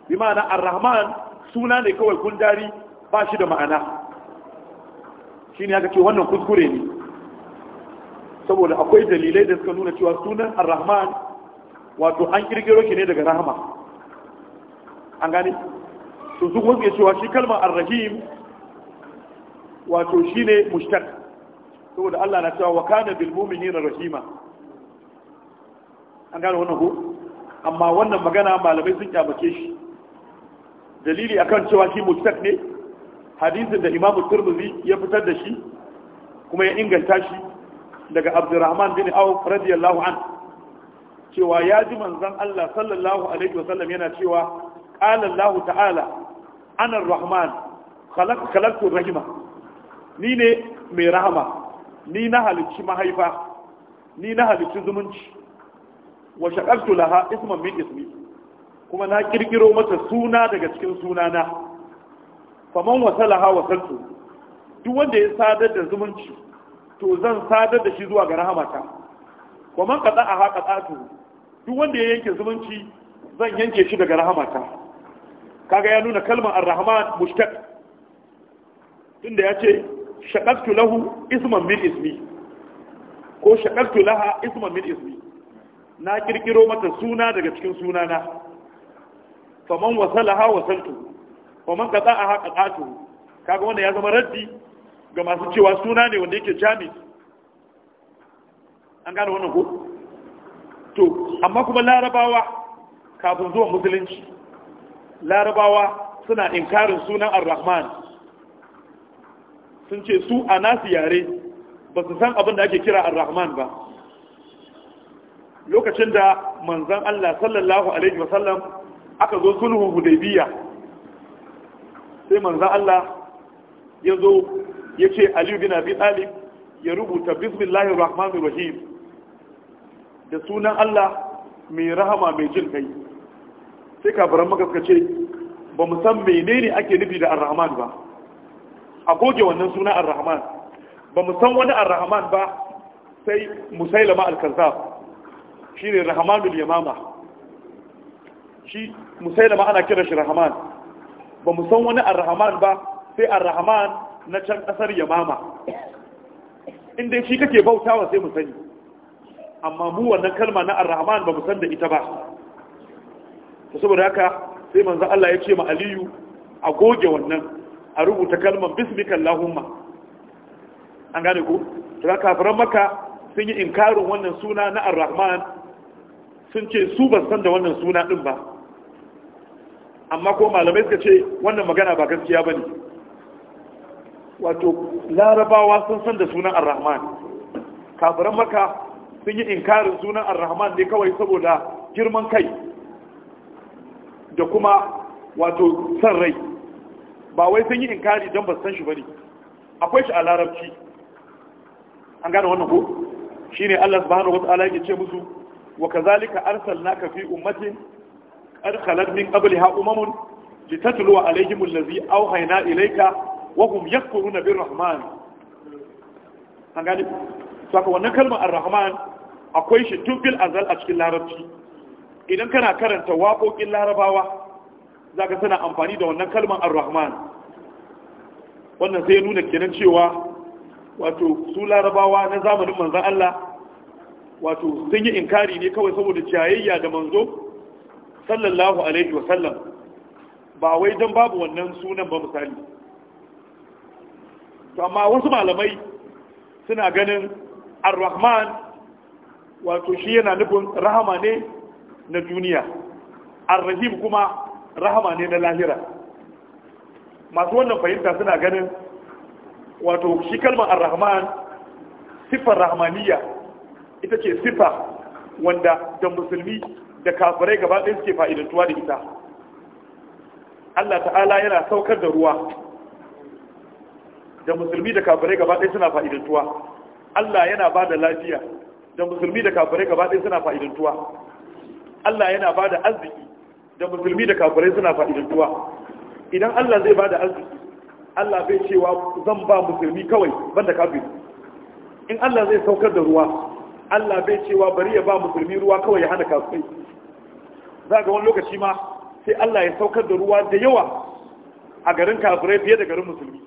Speaker 1: bi ma'ana ar-rahman suna ne kawai gundari ba shi da ma'ana shine ya ce wannan kuskure ne saboda akwai dalilai da suka nuna cewa sunan ar-rahman wato an kirkiro shi ne daga rahama an gane to su kuma suke cewa shi kalmar ar-rahim wato shine mushtaq saboda Allah na cewa wa kana bil mu'minina rahima an gano wannan ko amma wannan magana malamai sun kyamace shi dalili akan cewa shi mushtaq ne hadisin da Imam Tirmidhi ya fitar da shi kuma ya inganta shi daga Abdurrahman bin Auf radiyallahu an cewa ya ji manzon Allah sallallahu alaihi wasallam yana cewa qala Allah ta'ala anar rahman khalaqtu rahima ni ne mai rahama ni na halicci mahaifa ni na halicci zumunci wa shaqaqtu laha isman min ismi kuma na kirkiro mata suna daga cikin sunana faman wasalaha Wasantu, duk wanda ya sadar da zumunci to zan sadar da shi zuwa ga rahamata wa man haka qata'tu duk wanda ya yanke zumunci zan yanke shi daga rahamata kaga ya nuna kalmar ar-rahman mushtaq tunda ya ce shaqaqtu lahu isman min ismi ko shaqaqtu laha isman min ismi na kirkiro mata suna daga cikin sunana faman wasalaha wasaltu faman qata'aha qata'tu kaga wanda ya zama raddi ga masu cewa suna ne wanda yake jami an gane wannan ko to amma kuma larabawa kafin zuwa musulunci larabawa suna inkarin sunan ar-rahman sun ce su a nasu yare ba su san abin da ake kira ar-rahman ba lokacin da manzan Allah sallallahu alaihi wasallam aka zo sulhun hudaybiya sai manzan Allah ya zo ya ce aliyu bin abi talib ya rubuta bismillahir rahmanir rahim da sunan Allah mai rahama mai jin kai sai kafiran maka suka ce ba mu san menene ake nufi da ar-rahman ba a goge wannan suna ar-rahman ba mu san wani ar-rahman ba sai musailama al-kazzab shine rahmanul yamama shi musailama ana kira shi rahman ba mu san wani ar-rahman ba sai ar-rahman na can kasar yamama inda shi kake bautawa sai mu sani amma mu wannan kalma na ar-rahman ba mu san da ita ba to saboda haka sai manzo Allah ya ce ma Aliyu a goge wannan a rubuta kalmar bismika Allahumma an gane ku? to kafiran maka sun yi inkarin wannan suna na Ar-Rahman sun ce su ban san da wannan suna din ba amma ko malamai suka ce wannan magana ba gaskiya bane wato larabawa sun san da sunan Ar-Rahman kafiran maka sun yi inkarin sunan Ar-Rahman ne kawai saboda girman kai da kuma wato san rai ba wai sun yi inkari don ba san shi ba ne akwai shi a larabci an gane wannan ko shi ne allah subhanahu wa ta'ala yake ce musu wa kazalika arsalnaka fi ummatin qad khalat min qabliha umamun litatlu alaihim allazi awhayna ilayka wa hum yakfuruna birrahman an gane saka wannan kalmar ar-rahman akwai shi tun bil azal a cikin larabci idan kana karanta waƙoƙin larabawa za ka suna amfani da wannan kalmar ar-rahman wannan sai ya nuna kenan cewa wato su larabawa na zamanin manzan Allah wato sun yi inkari ne kawai saboda ciyayayya da manzo sallallahu alaihi wa sallam ba wai don babu wannan sunan ba misali to amma wasu malamai suna ganin ar-rahman wato shi yana nufin rahama ne na duniya arrahim rahim kuma rahama ne na lahira masu wannan fahimta suna ganin wato shi kalmar arrahman rahman sifar rahmaniya ita ce siffa wanda da musulmi da kafirai gaba ɗaya suke fa'idantuwa da ita Allah ta'ala yana saukar da ruwa da musulmi da kafirai gaba ɗaya suna fa'idantuwa Allah yana ba da lafiya da musulmi da kafirai gaba ɗaya suna fa'idantuwa Allah yana ba da arziki da musulmi da kafirai suna fa'idantuwa idan Allah zai ba da arziki Allah bai cewa zan ba musulmi kawai banda kafin. in Allah zai saukar da ruwa Allah bai cewa bari ya ba musulmi ruwa kawai ya hana kafirai za ga wani lokaci ma sai Allah ya saukar da ruwa da yawa a garin kafirai fiye da garin musulmi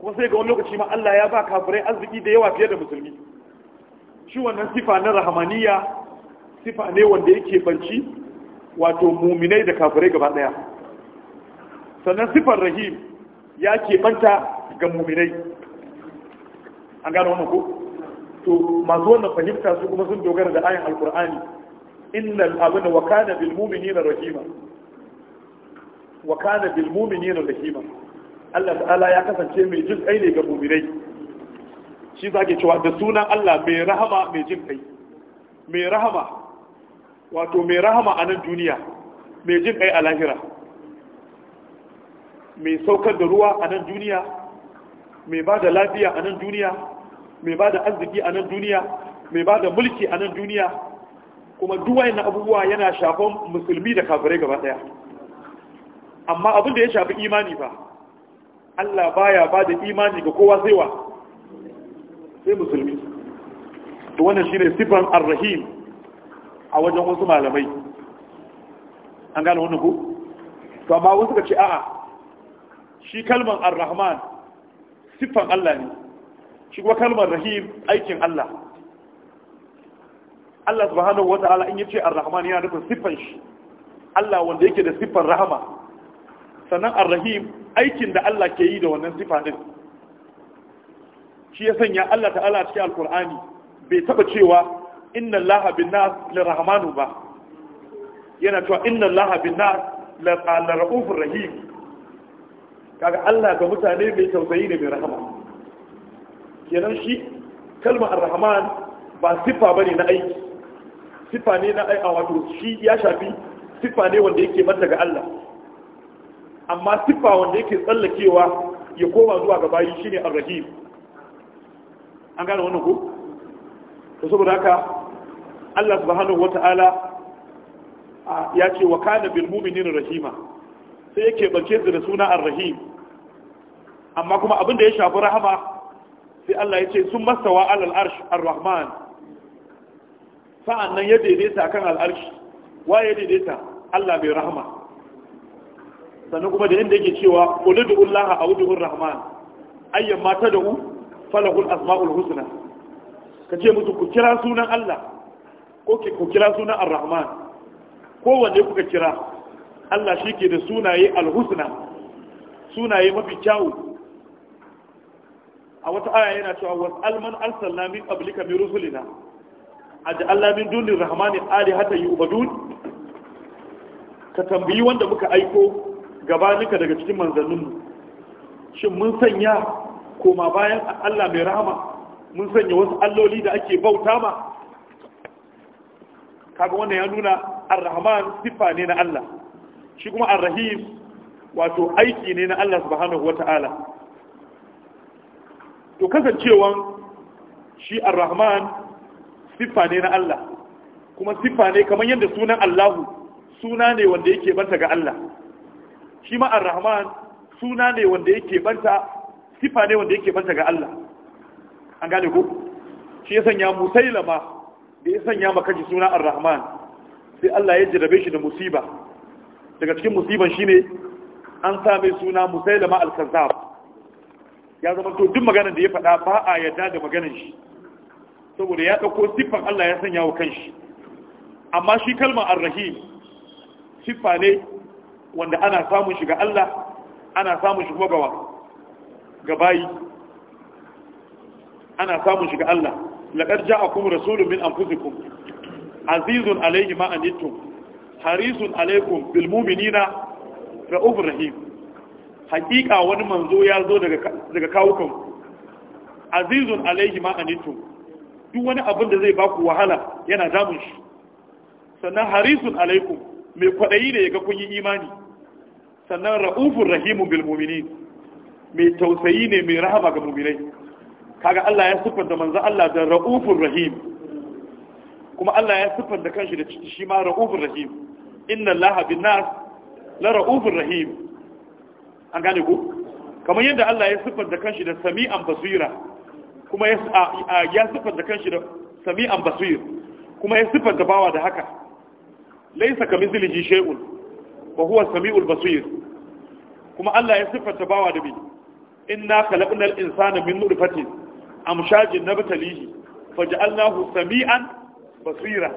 Speaker 1: kuma sai ga wani lokaci ma Allah ya ba kafirai arziki da yawa fiye da musulmi shi wannan sifa na rahamaniya sifa ne wanda yake banci wato muminai da kafirai gaba daya sannan sifar rahim ya ke banta ga muminai an gano wannan ko to masu wannan fahimta su kuma sun dogara da ayin alkur'ani innal abin wa kana bil na rahima wa kana bil na rahima Allah ta'ala ya kasance mai jin kai ne ga mu'minai shi zage cewa da sunan Allah mai rahama mai jin kai mai rahama wato mai rahama a nan duniya mai jin kai a lahira mai saukar da ruwa a nan duniya mai ba da lafiya a nan duniya mai ba da arziki a nan duniya mai ba da mulki a nan duniya kuma duwai na abubuwa yana shafan musulmi da kafirai gaba daya amma abin da ya shafi imani ba Allah baya ba da imani ga kowa sai sai musulmi to wannan shine sifan ar-rahim a wajen wasu malamai an gane wani ko to amma wasu ka ce a'a shi kalmar ar-rahman siffan Allah ne shi kuma kalmar rahim aikin Allah Allah subhanahu wata'ala in yace ar-rahman yana nufin siffan shi Allah wanda yake da siffan rahama sannan ar-rahim aikin da Allah ke yi da wannan siffa din shi ya sanya Allah ta'ala cikin alkur'ani bai taba cewa inna allaha bin nas lirahmanu ba yana cewa inna allaha bin nas lirahufur rahim kaga Allah ga mutane mai tausayi ne mai rahama kenan shi kalma ar-rahman ba sifa bane na aiki sifa ne na aiki wato shi ya shafi sifa ne wanda yake manta ga Allah amma sifa wanda yake tsallakewa ya koma zuwa ga bayi shine ar-rahim an gane wannan ko to saboda haka Allah subhanahu wata'ala ya ce wa kana bil rahima sai yake bace su da suna ar-rahim amma kuma abin da ya shafi rahama sai Allah ya ce sun mastawa alal arsh ar-rahman sa'annan ya daidaita kan al-arsh wa ya daidaita Allah bai rahama sannan kuma da inda yake cewa ulidullaha awduhur rahman ayyan ta tad'u falahul asmaul husna kace musu ku kira sunan Allah ko ku kira sunan ar-rahman kowanne kuka kira Allah shi ke da sunaye al-husna sunaye mafi kyawu a wata aya yana cewa wa alman arsalna min qablika min rusulina aj'alna min dunir rahmani alihatan yu'badun ka tambayi wanda muka aiko gabaninka daga cikin manzanninmu shin mun sanya koma bayan Allah mai rahama mun sanya wasu alloli da ake bauta ma kaga wannan ya nuna ar-rahman sifa ne na Allah shi kuma ar-rahim wato aiki ne na Allah subhanahu wata'ala to kasancewan shi ar-rahman sifa ne na Allah kuma sifa ne kamar yadda sunan Allahu suna ne wanda yake banta ga Allah shi ma ar-rahman suna ne wanda yake banta sifa ne wanda yake banta ga Allah an gane ko shi ya sanya musailama da ya sanya maka ji suna ar-rahman sai Allah ya jarrabe shi da musiba daga cikin musiban shine an sa mai suna musailama al-kazzab ya zama to duk maganar da ya faɗa ba a yarda da maganar shi saboda ya ɗauko siffan Allah ya sanya wa kanshi amma shi kalmar ar-rahim siffa ne wanda ana samun shi ga Allah ana samun shi kuma ga bayi ana samun shi ga Allah ja a kuma rasulun min anfusikum azizun alayhi ma anittum harisun alaykum bil mu'minina ra'ufur rahim haƙiƙa wani manzo ya zo daga daga kawukan azizun alayhi ma anittum duk wani abin da zai baku wahala yana damun shi sannan harisun alaykum mai kwadayi ne ga kun yi imani sannan ra'ufur rahimun bil mu'minin mai tausayi ne mai rahama ga mu'minai kaga Allah ya siffanta manzo Allah da ra'ufur rahim kuma Allah ya siffanta kanshi da shi ma ra'ufur rahim inna Allah bin nas la ra'ufur rahim an gane ku kamar yadda Allah ya siffanta kanshi da sami'an basira kuma ya ya siffanta kanshi da sami'an basir kuma ya siffanta bawa da haka laysa kamithlihi shay'un wa huwa sami'ul basir kuma Allah ya siffanta bawa da bi inna khalaqnal insana min nutfatin amshajin na batalihi faj'alnahu sami'an basira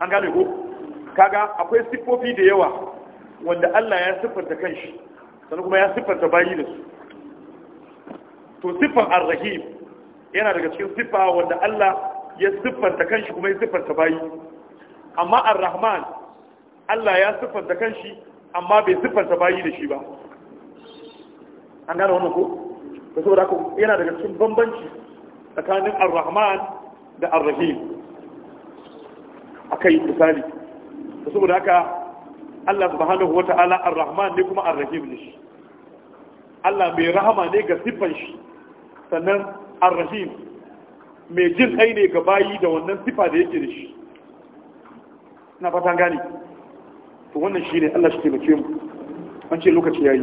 Speaker 1: an gane ko kaga akwai siffofi da yawa wanda Allah ya siffanta kanshi sannan kuma ya siffanta bayi da su to siffan ar-rahim yana daga cikin siffa wanda Allah ya siffanta kanshi kuma ya siffanta bayi amma ar-rahman Allah ya siffanta kanshi amma bai siffanta bayi da shi ba an gane wannan ko da saboda haka yana daga cikin bambanci tsakanin ar-rahman da ar-rahim akai misali da saboda haka Allah subhanahu wata'ala ar-rahman ne kuma ar-rahim ne shi Allah mai rahama ne ga siffan shi sannan ar-rahim mai jin kai ne ga bayi da wannan sifa da yake da shi na fatan gane to wannan shine Allah shi ke mu an ce lokaci yayi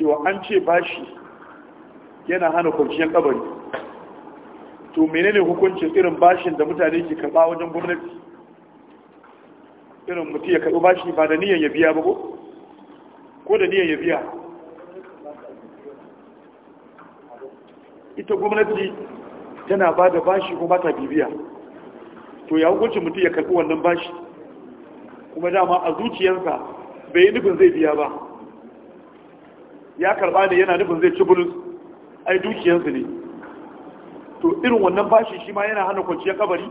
Speaker 1: cewa an ce bashi yana hana kwanciyar kabari to menene hukuncin irin bashin da mutane ke karba wajen gwamnati irin mutu ya karbi bashi ba da niyan ya biya ba ko ko da niyan ya biya ita gwamnati tana ba da bashi ko ba ta bibiya to ya hukuncin mutu ya karbi wannan bashi kuma dama a zuciyarsa bai yi nufin zai biya ba ya karba ne yana nufin zai ci bulus ai dukiyarsu ne to irin wannan bashi shi ma yana hana kwanciyar kabari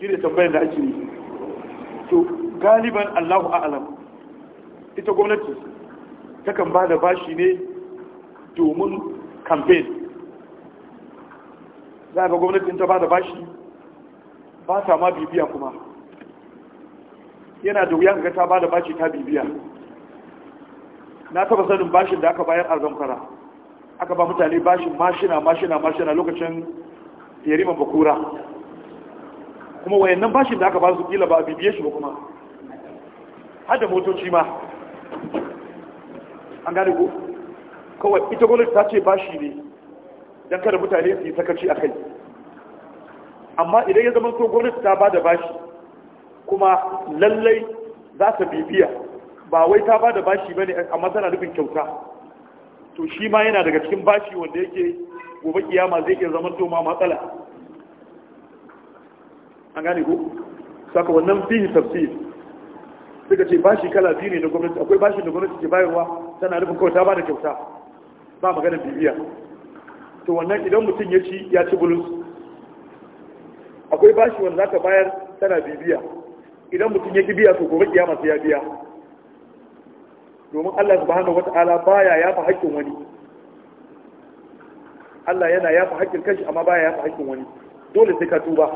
Speaker 1: shi ne tambayar da ake yi to galiban allahu a'alam ita gwamnati takan ba da bashi ne domin campaign za a ga gwamnatin ta ba da bashi ba ta ma bibiya kuma yana da wuya ga ta ba da bashi ta bibiya na taba sanin bashin da aka bayar a zamfara aka ba mutane bashin mashina mashina mashina lokacin yarima bakura kuma wayannan bashin da aka ba su kila ba a bibiye shi ba kuma hada motoci ma an gane ko kawai ita gwamnati ta ce bashi ne don kada mutane su yi sakaci a kai amma idan ya zama so gwamnati ta ba da bashi kuma lallai za ta bibiya ba wai ta ba da bashi ba ne amma tana nufin kyauta to shi ma yana daga cikin bashi wanda yake gobe kiyama zai iya zama to ma matsala an gane ko saka wannan fihi tafsir suka ce bashi kala biyu ne na gwamnati akwai bashi da gwamnati ke bayarwa tana nufin kawai ta ba da kyauta ba maganar bibiya to wannan idan mutum ya ci ya ci bulus akwai bashi wanda za ka bayar tana bibiya idan mutum ya ki biya to gobe kiyama sai ya biya domin Allah subhanahu wata'ala baya fi haƙƙin wani Allah yana yafa haƙƙin kanshi amma baya fi haƙƙin wani dole sai ka tuba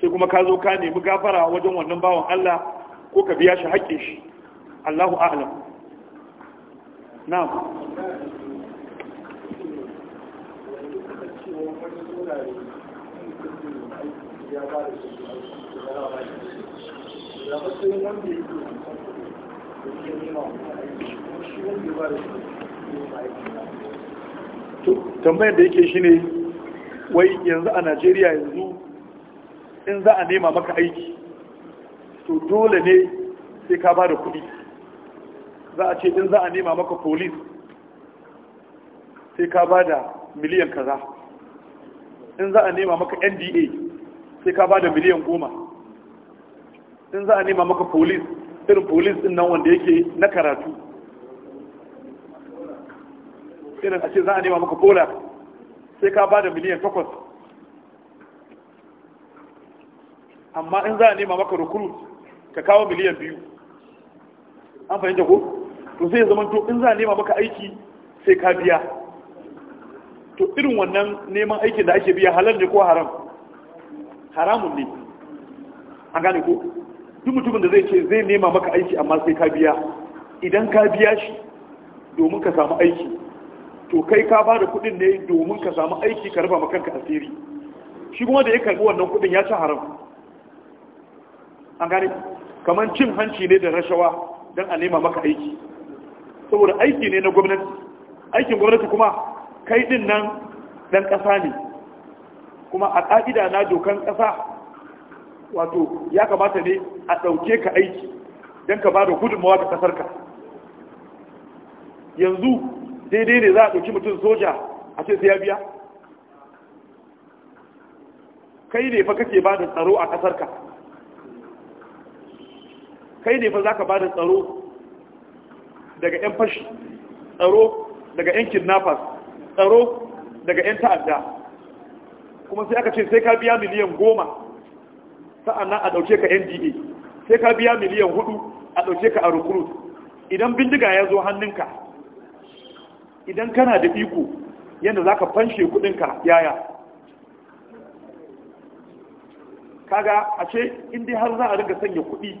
Speaker 1: sai kuma ka zo ka nemi gafara wajen wannan bawan Allah ko ka biya shi haƙƙin shi Allahu a'lam na'am
Speaker 2: ya ba da shi
Speaker 1: tambayar da yake shi ne wai yanzu a najeriya yanzu in za a nema maka aiki to dole ne sai ka ba da kudi za a ce in za a nema maka polis sai ka ba da miliyan kaza in za a nema maka nda sai ka ba da miliyan goma in za a nema maka polis irin polis din nan wanda yake na karatu irin a ce za a nema maka bola sai ka ba da miliyan takwas amma in za a nema maka rukuru ka kawo miliyan biyu an fahimta ko to sai zama to in za a nema maka aiki sai ka biya to irin wannan neman aikin da ake biya halal ne ko haram haramun ne an gane ko duk mutumin da zai ce zai nema maka aiki amma sai ka biya idan ka biya shi domin ka samu aiki to kai ka ba da kudin ne domin ka samu aiki ka raba kanka asiri shi kuma da ya karbi wannan kudin ya ci haram an gane kamar cin hanci ne da rashawa don a nema maka aiki saboda aiki ne na gwamnati aikin gwamnati kuma kai din nan dan kasa ne kuma a ƙa'ida na dokan ƙasa wato ya kamata ne a ɗauke ka aiki don ka ba da gudunmawa ga ƙasarka yanzu daidai ne za a ɗauki mutum soja a ce sai ya biya kai ne fa kake ba da tsaro a ƙasarka kai ne fa za ka ba da tsaro daga 'yan fashi tsaro daga 'yan kidnappers tsaro daga 'yan ta'adda kuma sai aka ce sai ka biya miliyan goma sa'annan a ɗauke ka nda sai ka biya miliyan hudu a ɗauke ka a recruit idan bindiga ya zo hannunka idan kana da iko yadda za ka fanshe kudinka yaya kaga a ce inda har za a riga sanya kudi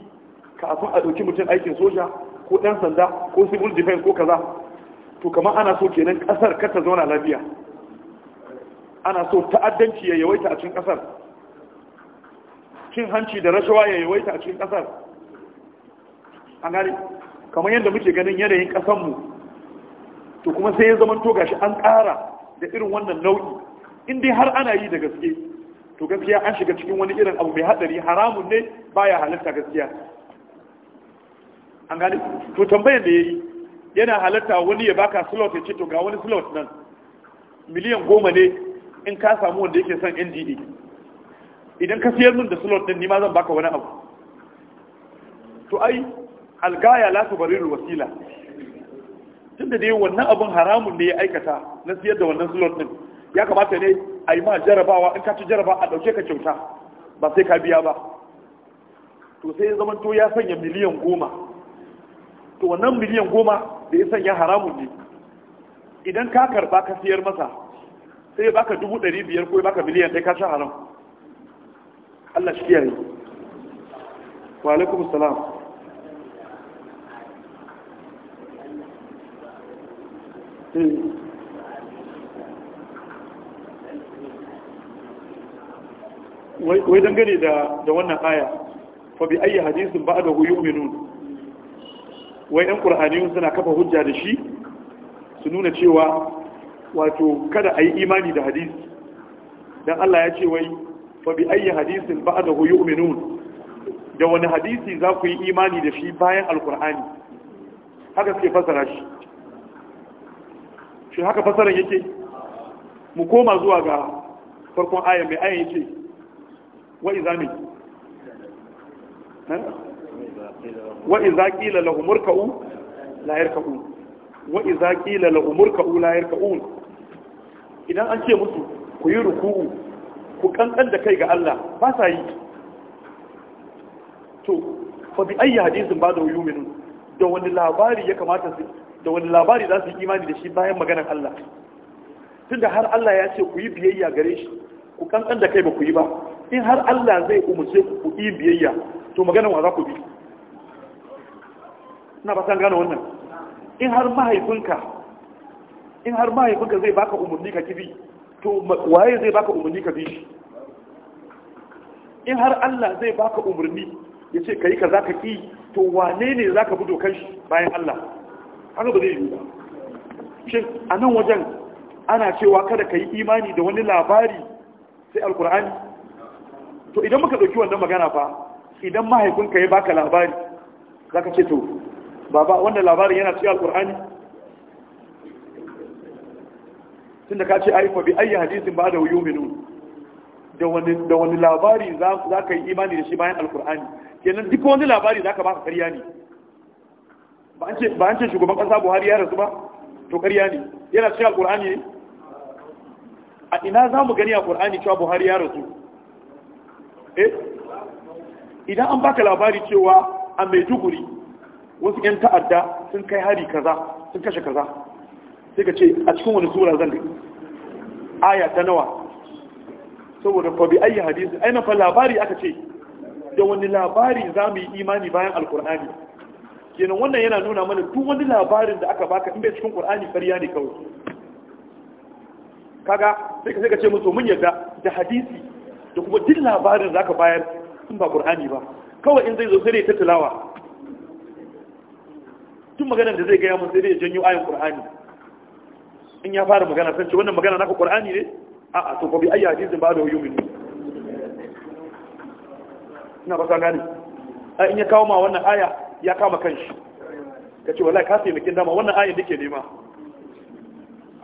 Speaker 1: kafin a ɗauki mutum aikin soja ko ɗan sanda ko civil defense ko kaza to kamar ana so kenan ƙasar kata zauna lafiya ana so ta'addanci ya yawaita a cin ƙasar cin hanci da rashawa ya yawaita a cikin ƙasar an gane kamar yadda muke ganin yanayin ƙasanmu to kuma sai ya zama to gashi an ƙara da irin wannan nau'i in har ana yi da gaske to gaskiya an shiga cikin wani irin abu mai haɗari haramun ne baya halatta gaskiya an gane to tambayar da ya yi yana halatta wani ya baka slot ya ce to ga wani slot nan miliyan goma ne in ka samu wanda yake son nda idan ka siyar min da slot din ni ma zan baka wani abu to ai algaya la tubarirul wasila tunda dai wannan abun haramun ne ya aikata na siyar da wannan slot din ya kamata ne a yi ma jarabawa in ka ci jaraba a ɗauke ka kyauta ba sai ka biya ba to sai ya zamanto ya sanya miliyan goma to wannan miliyan goma da ya sanya haramun ne idan ka karba ka siyar masa sai ya baka dubu ɗari biyar ko ya baka miliyan ɗaya ka sha haram Allah shi kiyaye wa alaikum salam hmm. wai dangane da wannan aya fa bi ayi hadisin ba da yu'minun wai ɗan ƙur'aniyun suna kafa hujja da shi su nuna cewa wato kada a yi imani da hadisi don Allah ya ce wai fa bi ayyi hadisin ba'dahu yu'minun da wani hadisi za ku yi imani da shi bayan alkur'ani haka suke fasara shi shi haka fasaran yake mu koma zuwa ga farkon ayan mai ayan yake wa izami wa iza qila lahum urka'u la yarka'un wa iza qila lahum urka'u la idan an ce musu ku yi ruku'u ku kankan da kai ga Allah ba sa yi to fa bi ayi hadisin ba da yu'minu da wani labari ya kamata su da wani labari za su yi imani da shi bayan maganar Allah tunda har Allah ya ce ku yi biyayya gare shi ku kankan da kai ba ku yi ba in har Allah zai umurce ku ku yi biyayya to maganar wa za ku bi ina ba san gane wannan in har mahaifinka in har mahaifinka zai baka umurni ka kibi to waye zai baka umarni ka bi shi in har Allah zai baka umarni ya ce ka yi ka za ka ƙi to wane ne za ka bi dokan shi bayan Allah haka ba zai yi ba shi a nan wajen ana cewa kada ka yi imani da wani labari sai alkur'ani to idan muka ɗauki wannan magana fa idan mahaifinka ya baka labari za ka ce to baba wannan labarin yana cikin alkur'ani tunda ka ce ai fa bi ayi hadisin ba da yu'minun da wani da wani labari za ka yi imani da shi bayan alkur'ani kenan duk wani labari za ka ba ka karya ne ba an ce shugaban ƙasa buhari ya rasu ba to karya ne yana cewa alkur'ani ne a ina za mu gani a cewa buhari ya rasu eh idan an baka labari cewa a maiduguri wasu 'yan ta'adda sun kai hari kaza sun kashe kaza sai ka ce a cikin wani sura zan da aya ta nawa saboda fa ayi hadisi aina fa labari aka ce da wani labari za mu yi imani bayan alkur'ani kenan wannan yana nuna mana duk wani labarin da aka baka in bai cikin kur'ani ƙarya ne kawai kaga sai ka sai ka ce musu mun yarda da hadisi da kuma duk labarin da aka bayar in ba kur'ani ba kawai in zai zo sai ta tilawa tun maganar da zai gaya mun sai dai janyo ayin kur'ani in ya fara magana sun ce wannan magana naka qur'ani ne a'a to fa bi ayyi hadisin ba da yumin ina ba sa gane a in ya kawo ma wannan aya ya kama kanshi ce wallahi ka taimake dama wannan ayin ke nema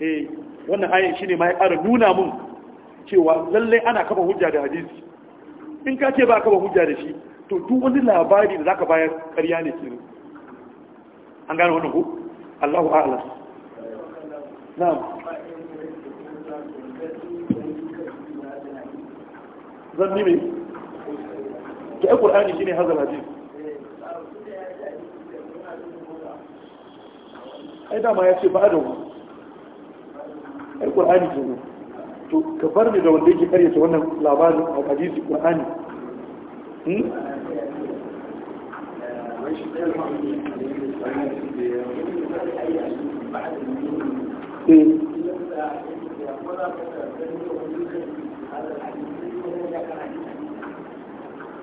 Speaker 1: eh wannan ayin shine ma ya ƙara nuna mun cewa lalle ana kafa hujja da hadisi in ka ce ba kafa hujja da shi to duk wani labari da zaka bayar ƙarya ne ke. an gane wannan ku. Allahu a'lam نعم نعم نعم نعم آني جيني هذا الهديث أي دعما يأتي بعدهم أقول آني جيني كفرني لو ديجي قرية وانا لعبان أو حديث يقول Eh.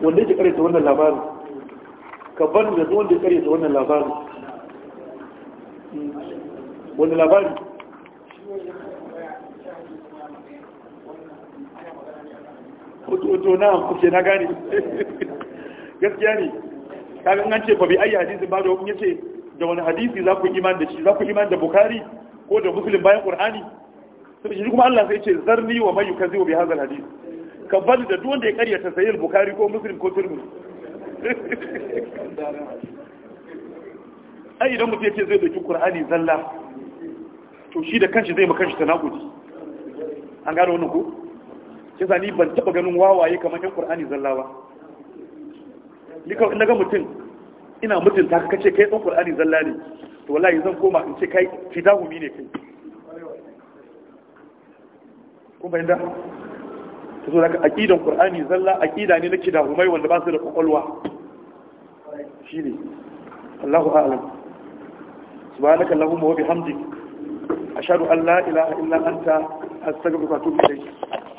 Speaker 1: wanda ya karyata wannan labarin ka bar da wanda ya karyata wannan labarin wanda labarin wato na kuke na gane gaskiya ne kagan an ce fa bi ayi hadisi ba da wani ce da wani hadisi za ku iman da shi za ku iman da bukari ko da musulun bayan ƙur'ani. sai shi kuma Allah sai ce zarni wa may yukazzibu bi hadha alhadith ka bani da duk wanda ya karyata sahih al-bukhari ko muslim ko tirmidhi ai idan mutum yace zai dauki ƙur'ani zalla to shi da kanshi zai maka kanshi tanakudi an gano wannan ko kisa ni ban taba ganin wawaye kamar yan ƙur'ani zalla ba ni kawai na ga mutum ina mutunta ka kace kai ɗan ƙur'ani zalla ne to wallahi zan koma in ce kai fidahumi ne kai kun bayyana ta zo daga aqidan qur'ani zalla aqida ne na kidahumai wanda ba su da ƙwaƙwalwa. Shi ne. Allahu a'lam subhanaka allahumma wa bihamdik ashhadu an la ilaha illa anta astaghfiruka wa atubu ilayk